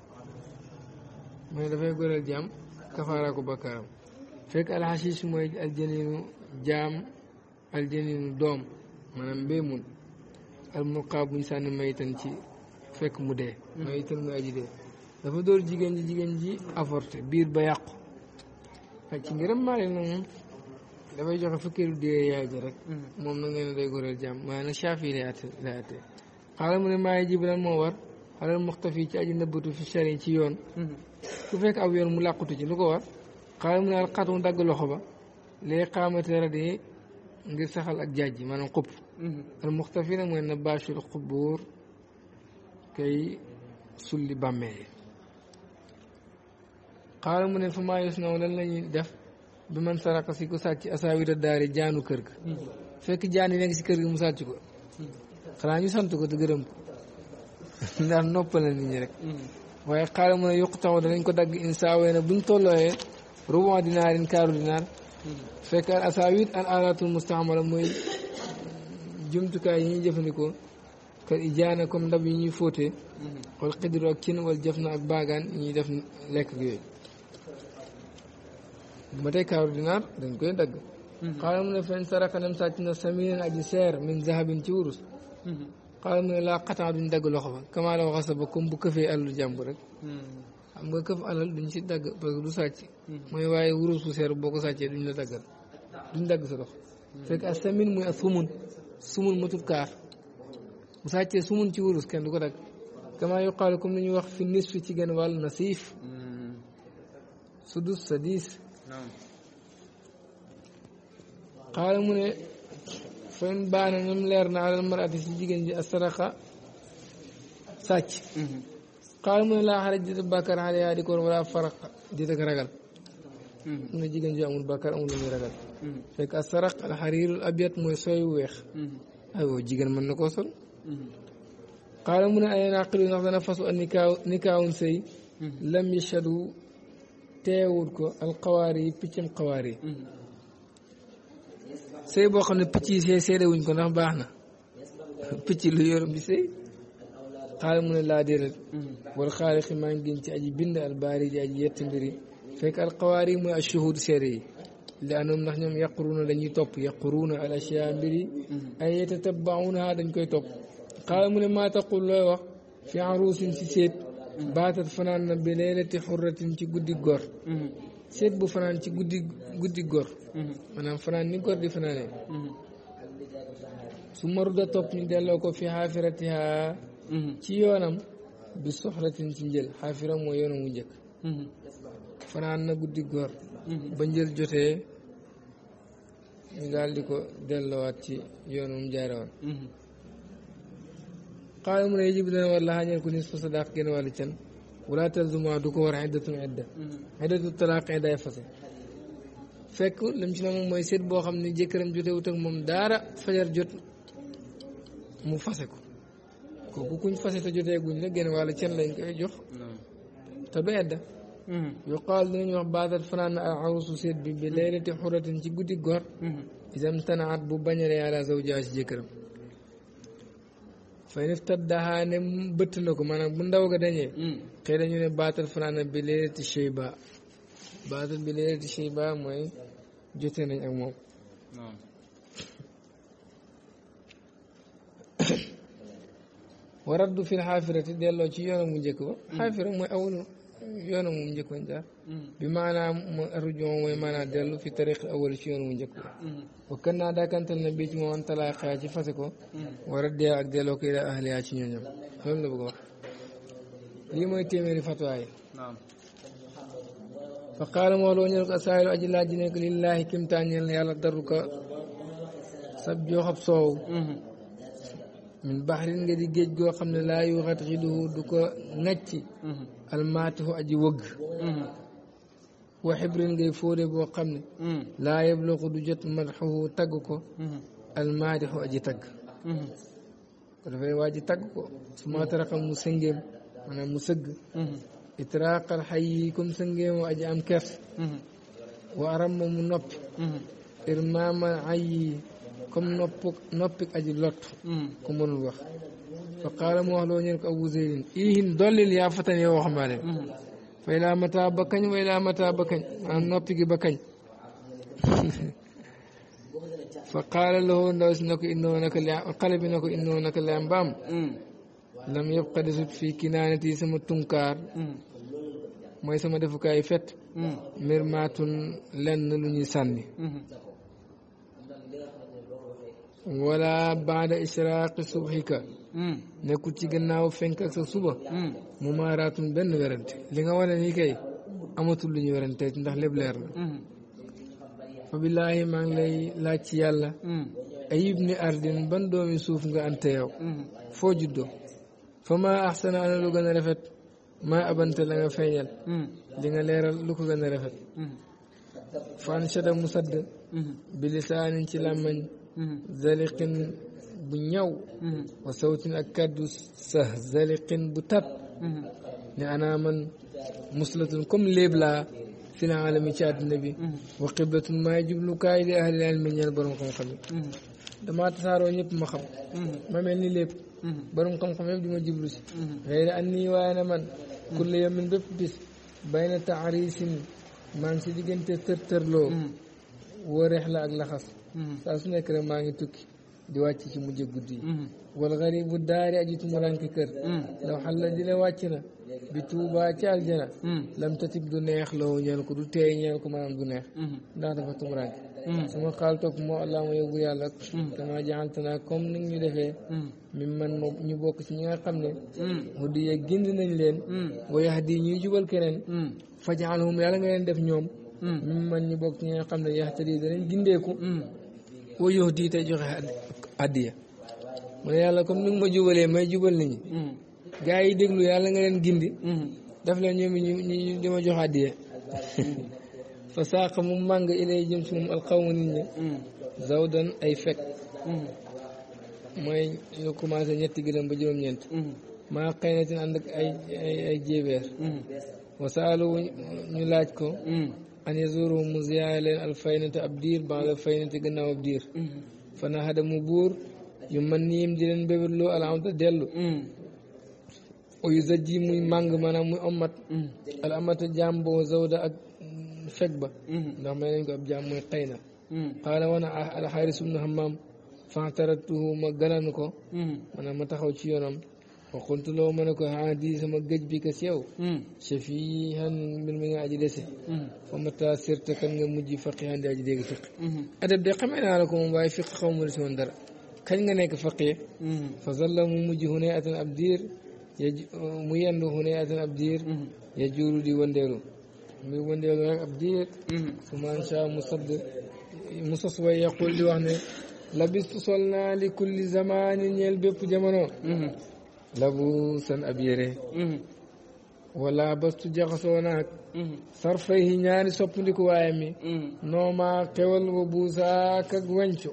mu dafay góoreel jaam kafaara ko bakkaaram fekk alxasiis mooy aljëninu jaam aljëninu doom maanaam mbéy mun al mulqaa buñ sànni mayitan ci fekk mu dee mayitan mu aji dee dafa dóor jigéen ji jigéen ji avorté biir ba yàqu ak ci ngërëm maale na moom dafay joxe fukkeelu dee yaay rek mm. moom na ngeen day goreel jàmm maa na shaaf yi lay mu ne maa ngi jibalan moo war xalal muxtafi ci aji nëbbatu fi charin ci yoon mm. fekk aw yoon mu làqutu ci lu ko war mu dagg loxo ba léegi xaamate radi ngir saxal ak jaaj ji maanaam xupp al muxtafi na mooy na bâchul xubuur kay sulli bàmmee yi xaaral mu ne fu maa yus naw lan def bi man saraka si ko sàcc asaawira daari jaanu kër ga fekk jaan yi nekk si mu sàcc ko xanaa ñu sant ko te gërëm ko ndax noppal na nit ñi rek waaye xaaral mu ne yokk taw danañ ko dagg insaawee bu buñ tollooyee rubon dinaarin kaaru dinaar fekk al asaawit al mooy jumtukaay yi ñuy jëfandikoo kal ijaana comme ndab yi ñuy fóote wal xidru ak cin wal jëf na ak baagaan ñuy def lekk gi yooyu bu ma tey kaaru dinaar dañ koy dagg xaala mu ne fen sarakanam sàcc na samirin aji seer min zahabin ci wurus xaala mu ne laa xataa duñ dagg loxo ba kamaa la waxasa ba comme bu këfee alalu jàmb rek xam nga këf alal duñ si dagg parce que du sàcc mooy waaye wurus bu seer boo ko sàccee duñ la daggal duñ dagg sa loxo fekk ak samin muy ak fumun سمون متوب كار مساتي سمون تيورس كان دوكا كما يقال لكم من يوخ في النصف تيجان والنصيف سدس سديس نعم قال من فين بان نملرنا على المرأة تيجان السرقة ساتي قال من لا حرج بكر عليها ديكور ولا فرق ديتك رجل Mm-hmm. am na jigéen ju amul bàkkaar amul lu muy ragal mm-hmm. fekk as saraq al xariirul abyad mooy sooy weex mm-hmm. aywa jigéen mën na koo sol xaala mu ne ay naqilu ndax dana fasu ak nikaaw nikaawun sëy lam yashadu teewul ko alxawaar yi piccam xawaar yi sëy boo xam ne picc yi see seedewuñ ko baax na picc lu yorom bi sëy xaala laa déedéet wala xaari xi maa ngi ci aj bind al baari ji aji yett mbiri fekk alxawaar yi mooy ashuhud seede yi li anoom ndax ñoom yaquruuna dañuy topp yaquruuna al ashyaa mbir yi mm-hmm. ay yatatabaunaha dañ koy topp xaala mu ne maa taqul looy wax fi aruusin si seet mm-hmm. baatat fanaan na bi leelati xurratin ci guddi gor mm-hmm. seet bu fanaan ci guddi guddi gor maanaam fanaan ni gor di fanaanee su maruda topp ñu delloo ko fi xaafiratiha ci yoonam bi soxratin ci njël xaafira mooy yoonam wu njëkk fanaan na guddi góor ba njël jotee ñu daal di ko delloowaat ci yoonu mu jaare woon xaaral mu war laxaa ñeen ko nis fa sadaq génn wàllu can wala talzuma du ko war xeddatun edda xeddatu talaaq eddaay fekk lam ci ne moom mooy seet boo xam ne jëkkëram jotee wut moom daara fajar jot mu fase ko kooku kuñ fase te jotee guñ la génn wàllu can lañ koy jox te du edda Mm-hmm. yuqaal dinañu wax baatat fanaan al awsu seet bi bi laylati xuratin ci guddi gor mm-hmm. isam tanaat bu bañale ala zawjaa ci jëkkëram fay naf taddahaa ne bëtt na ko maanaam bu ndaw ga dañee mm-hmm. xëy dañu ne baatat fanaan bi laylati sheyba baatat bi laylati sheyba mooy jote nañ ak moom waraddu fil xaafirati delloo ci yoonam bu njëkk ba xaafira mooy awlu yoon moom njëkkoon jaar mm. bi maanaam rujon mooy maanaam dellu fi tariq awal ci yoon mu njëkk mm. wa kan naa daakantal na bii ci moom an talaaqa ci ko mm. war a dee ak delloo ko ila ahliya ci ñooñam lii mooy téeméeri fatwa fa qaala moo loo ñëw ko asaayilu aji laaj ji nekk lillaahi kimtaan ñeel na yàlla daru ka sab soow mm-hmm. min baxrin nga di géej goo xam ne laa yu xat du ko ŋacci mm-hmm. almaatihu aji wëgg mm-hmm. wa xibrin ngay fóore boo xam ne mm-hmm. laa yabluqu du jot madxuhu tagg ko mm-hmm. almaatihu aji tagg ko dafay waa ji tagg ko su ma mu sëngeem maanaam mu sëgg itraaqal xay yi comme sëngeem oo am kers wa aram mu noppi irmaamal xay yi comme aji lott ku mënul wax fa qaala mu wax loo ñeen ko abu zeydin ihin dollil yaa fatan yow waxambaane fay laa mata ba kañ way laa mata ba kañ maanaam noppi ba kañ fa qaala lahu ndaw si na ko innoo naka lam xale bi na ko innoo naka lam mbaam lam yëpp xadisut kinaanati sama tunkaar mooy sama defukaay fet mir maatun lu ñuy sànni wala baada israaqi subhika Mm. nekkul ci gannaaw fenk ak sa suba mm. mu maaraatun benn werante li nga wane nii kay amatul lu ñu werante ndax lépp leer na mm. fa billaahi maa lay laaj ci yàlla ayib ni ardin ban doomi suuf nga ante yow foo juddoo fa maa axsana ana lu gën a rafet maa abante la nga feeñal li nga leeral lu ko gën a rafet fa anshada musadd bi lisaanin ci làmmañ zaliqin bu ñaw mm-hmm. wa sawtin ak kàddu sax zaliqin bu tat mm-hmm. ne ana man muslatun comme léeb laa fi la alami ci àddina bi mm-hmm. wa qiblatun maay jublukaay li ahli ilmi ñeel borom xam-xam yi damaa tasaaroo ma xam ma mel ni léeb borom xam-xam yëpp di ma jublu si xëy na waaye na man kulle yomin bis bayna taarisin maa ngi si diggante tërtërloo wa reex la laxas saa su nekk rek maa ngi tukki di wàcc ci mujjë guddi yi mm-hmm. wal garibu daari aji tumuranke kër mm-hmm. daw xalla dina wàcc na bi tuubaa ci aljana mm-hmm. lam tatib du neex law ñeel ko du teey ñeel ko maanaam du neex ndax dafa tumuranke suma xaal toog moo allahuma yóbbu yàlla kama jaxaltanaa comme ni ñu defee mi man moom ñu bokk ci ñi nga xam ne huddi yee gindi nañ leen wayax di ñuy jubal keneen fajaxalhum yàlla nga leen def ñoom mi man ñu bokk ci ñi nga xam ne yaxtadi danañ gindeeku wa yox di tey joxe addiya mu ne yàlla comme ni nga ma jubalee may jubal nit ñi mm. gaa yi déglu yàlla nga leen gindi mm. daf leen ñoom ñu ñu di ma jox addiya fa mu màng ilay jëm si alxaw ma nit ñi mm. zawdan ay fekk mooy lu commencé ñetti gëlëm ba juróom-ñeent maa xëy na tin ànd ak ay ay jébeer wasaalu ñu laaj ko an yazuru mu ziyaare leen al faynata ab diir ba al faynata gannaaw ab diir fana haɗa mo ɓuur yumman ni yimdiren beɓetlo alaamata dello mm. o usaji muy mangue manam muy ommat mm. alamata jambo zawda ak fegba mm. ndax maynañ ko ab jam moy xayna qala wana alharisubnu hammam fa taratuhu ma ganan ko manam ma taxaw ci yonam wa qultu loo ma ne ko ah di sama géej bi ka sew. shafihan mbir mi nga aji dese. fa mata sirta kan nga mujj faqihan di aji dégg fiq. adab de xamee naa la ko moom waaye fiq xaw ma la si woon dara kañ nga nekk faqih. fa zalla mu mujj hune atan ab diir ya mu yendu hune atan ab diir. ya juuru di wandeelu. muy wandeelu nag ab diir. su ma sha mu sadd mu sos way yaqul di wax ne labistu sol naa li kulli zamaani ñeel bépp jamono. labu san ab yére mm-hmm. wala bastu jaxasoo naag mm-hmm. sarfay ñaari soppandiku waaye mi mm-hmm. nooma xewal wa buusaak ak wanco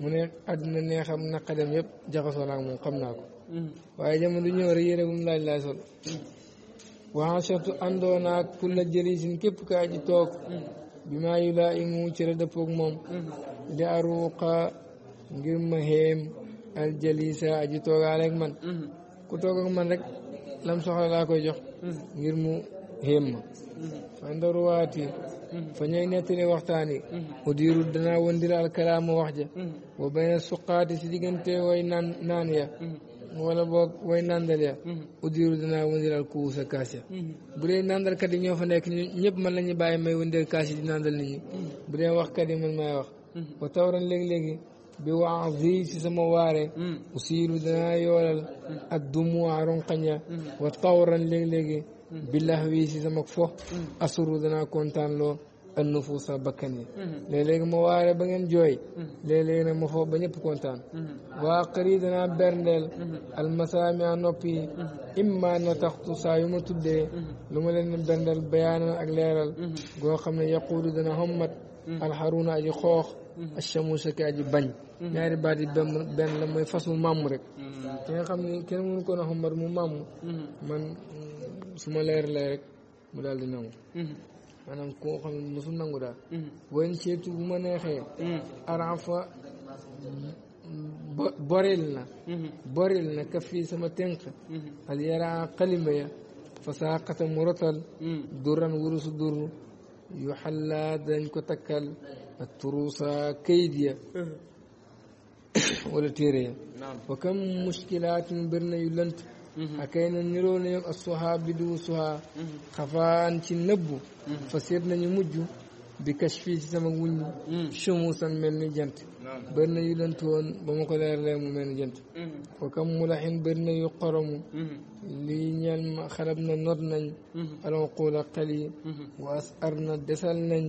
mu ne àdduna neexam naqadem yëpp jaxasoo naag moom xam naa ko waaye jamono du ñëw rek yére bu mu laaj sol waa surtout àndoo naag pour képp kaa ji toog bi maa yu laa imu cëra dëppoog moom li aruqa ngir ma xéem aljalisa aji toogaale ak man mm-hmm. ku toog ak man rek lam soxla laa koy jox mm-hmm. ngir mu xéem ma mm-hmm. fandaruwaati fa ñooy nettali waxtaan yi udiiru danaa wëndil alkalaama wax ja wa bayna suqaati si diggante way naan naan ya wala boog way nandal ya udiiru danaa wëndil alkuusa kaas ya bu dee nandalkat yi ñoo fa nekk ñëpp man la ñu bàyyi may wëndil kaas yi di nandal nit ñi bu dee waxkat yi man may wax wa tawran léegi-léegi بوعظيس سمواري أسير دناي الدموع رنقنيا وطورا لغلغي باللهويس سمكفوه أسر دنا كونتان لو النفوس بكني لغلغ مواري بغن جوي لغلغ مفو بنيب كونتان واقري دنا برنل المسامع نوبي إما نتخطو سايوم تدي لملن برنل بيانا أغلال غو خمنا يقول دنا همت الحرون أجي خوخ Mm-hmm. ashamuusa kaa ji bañ mm-hmm. ñaari baat yi benn benn la mooy fasul maamu rek mm-hmm. ki nga xam ne kenn mënu ko na xambar mu maamu man mm, su ma leer lay rek mu daal di nangu maanaam koo xam ne mosul nangu daal wayn seetu bu ma neexee arafa boril na boril na ka fii sama tënk al yaraa xalima ya fasaaqata mu rotal duran wurusu dur yu xallaa dañ ko takkal ak turuusa kayit ya wala téere ya wa kam mushkilaatin bëri na yu lënt mhm. akay na niroo na yoog ak sohaa bi diwu sohaa mhm. xafaan ci nëbbu mhm. fa seet nañu mujj bi kash fii ci sama wuññ chumu san mel ni jant bëri na yu lënt woon ba ma ko leerlee mu mel ni jant wa kam mulaxin bëri na yu xoromu lii ñeel ma xarab na not nañ alonquula xel yi wa asar na desal nañ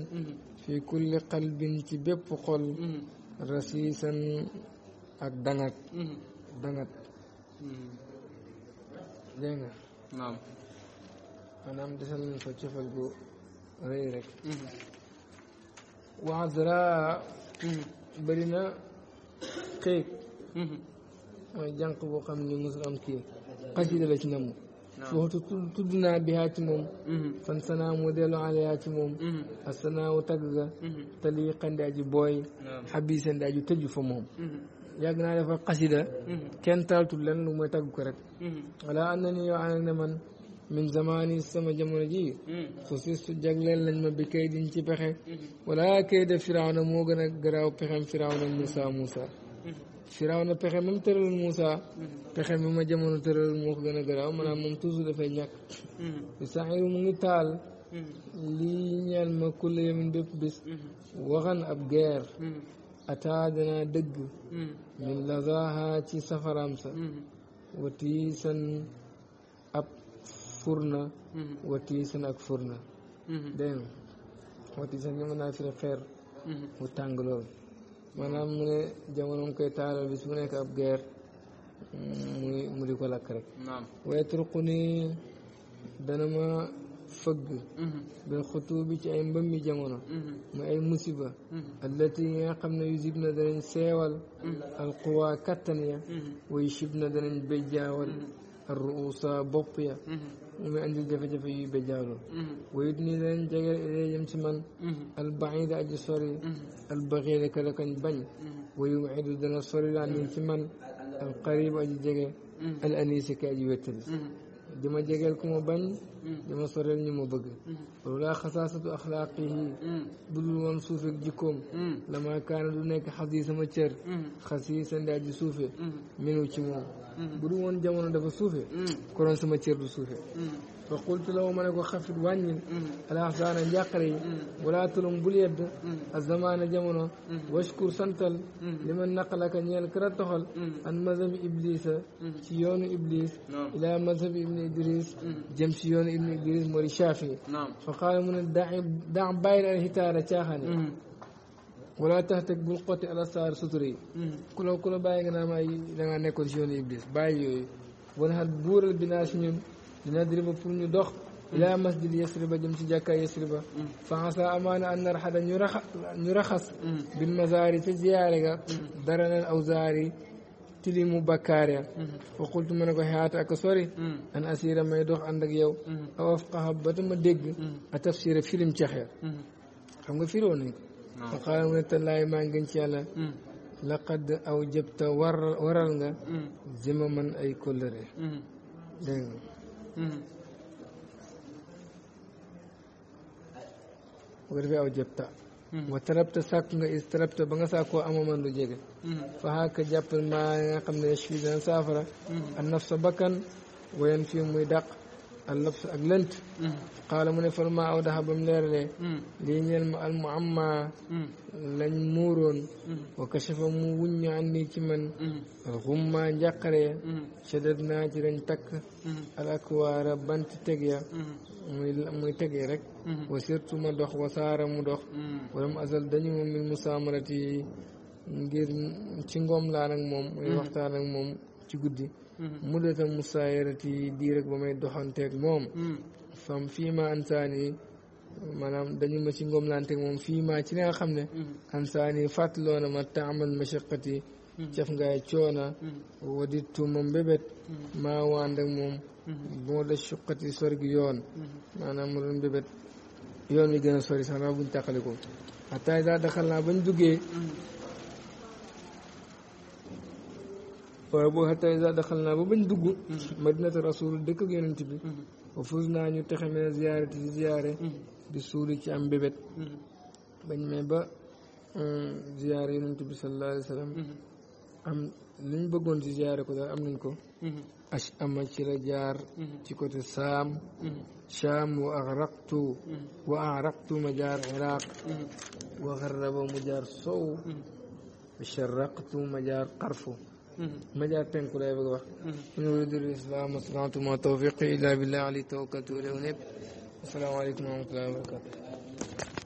في كل قلب تبيب قل رسيسا أكدنت دنت دينا نعم أنا مدسل من فتشف الجو غيرك وعذراء برنا كيك ويجانقبو قمني مسلم كيك قصيدة لك نمو waxtu tudd naa bi haa ci fan sanaa mu dellu aleyaa ci moom a sanaawu tagg ga taliqan di aji booy xabisan di aji tëju fa moom naa dafa xasida kenn taaltul lenn lu mooy tagg ko rek wala am na ni man min zamani sama jamono ji su si su jagleel bi kay diñ ci pexe wala kay def firawna moo gën a garaaw pexem firawna Moussa Moussa firaaw na pexe moom tëralul Moussa mm-hmm. pexe mu ma jamono tëralul moo ko gën a garaaw maanaam moom toujours dafay ñàkk mm-hmm. saxiir mu ngi taal mm-hmm. lii ñeel ma kulle yamin bépp bis waxan ab geer ataa danaa dëgg min lazaha ci safaram sa wati san ab furna wati san ak furna dégg nga wati firi xeer bu tàng lool maanaam mu ne jamono mu koy taalal bis mu nekk ab guerre mm, muy mu di ko lakk rek waaye turqu ni dana ma fëgg mhm. bil xutuu bi ci ay mbëmmi jamono mhm. mu ay musiba mhm. allati yi nga xam ne yusib na danañ seewal alquwa kattan ya way shib na danañ béjjaawal ar ruusa bopp ya ما عندي جفا جفا يبجارو ويدني لين جاي إلي يمسمن البعيد أجي صوري البغير كذا كان بني ويوعد دنا صوري لان يمسمن القريب أجي جاي الأنيس كأجي ويتلس دما جاي لكم بني دما صوري لني مبغى ولا خصاصة أخلاقه بدل منصوف جكم لما كان دونك حديث مچر خصيصا دا جسوف منو چمو bu dul woon jamono dafa suufe konoon sama cër du suufe fa qultu lahu ma ne ko xafit wàññil alaxsaana njàqare yi walaa tulum bul yedd a zamaana jamono washkur santal li ma naqalaka ñeel kara toxal an mazhabi iblisa ci yoonu iblis ila mazhabi ibni idris jëm ci yoonu ibni idris moo di shafi fa qaala mu ne da daa bàyyil alxitaara caaxaan ولا تهتك بالقوة على سار سطري كل كل باي عنا ما ينعنى نكون شيون إبليس باي ون هاد بور البناش نيم لنادري بفرن يدخ لا مسجد يسرب جم سجاك يسرب فحسا أمانة أن رحدا نرخص بالمزار في زيارة درنا الأوزاري تلي مبكارة وقلت من أقول حياة أكسوري أن أسير ما يدخ عندك يو أوفقها بدم دق أتفسير فيلم تخير هم غفيرونك fa qaala mu ne tallaahi maa ngi gën ci yàlla laqad aw jëbta war waral nga zima man ay kóllëre dégg nga bu ko defee aw jëbta wa tarabta sàkk nga is tarabta ba nga sàkkoo amaman lu jege fa xaaka jàppal maa nga xam ne yashfi dana saafara an nafsa bakkan wayan fii muy dàq al nafs mu ne falma aw daxa ba mu leeralee mu amma lañ muuroon wa kashafa mu wuññu an ci man al xumma shadad naa ci lañ takk al akwaara bant teg ya muy rek wa surtout ma dox wa saara mu dox wala mu asal dañu min musaamarati ngir ci ngoom laa nag moom muy waxtaan ak moom ci guddi Mm-hmm. muddata musaayarati diir ak ba may doxanteeg moom mm-hmm. fam fii ma ansaani maanaam dañu ma ci ngomlanteeg moom fii ma ci li nga xam ne mm-hmm. ansaani fàttaloo na ma ma mashaqati caf ngaay coona waditu ma mbébét maa waan ak moom boo da suqati sori yoon maanaam mu doon mbébét yoon wi gën a sori sax naa buñ tàqaliko xataa daa daxal naa bañ duggee waaye boo xataa isa daxal naa ba bañ dugg mm-hmm. madinata rasul dëkk ak yonent bi wa mm-hmm. fuus naa ñu texe mee ziyaarati si bi suuri ci am bébét mm-hmm. bañ mee ba euh, ziyaare yonent bi sallallahu alayhi wa sallam am liñ bëggoon ci ziyaare ko daal am nañ ko ash ama ci la jaar côté saam saam wa agraqtu wa agraqtu ma jaar iraq wa garraba mu jaar sow sharaqtu ma jaar xarfu majaar mm-hmm. penku lay bëgg wax mm-hmm. in uridu lislam astantu ma tawfiqi illa billah ali tawakkaltu ilayhi asalaamaaleykum wa rahmatullahi wa barakatu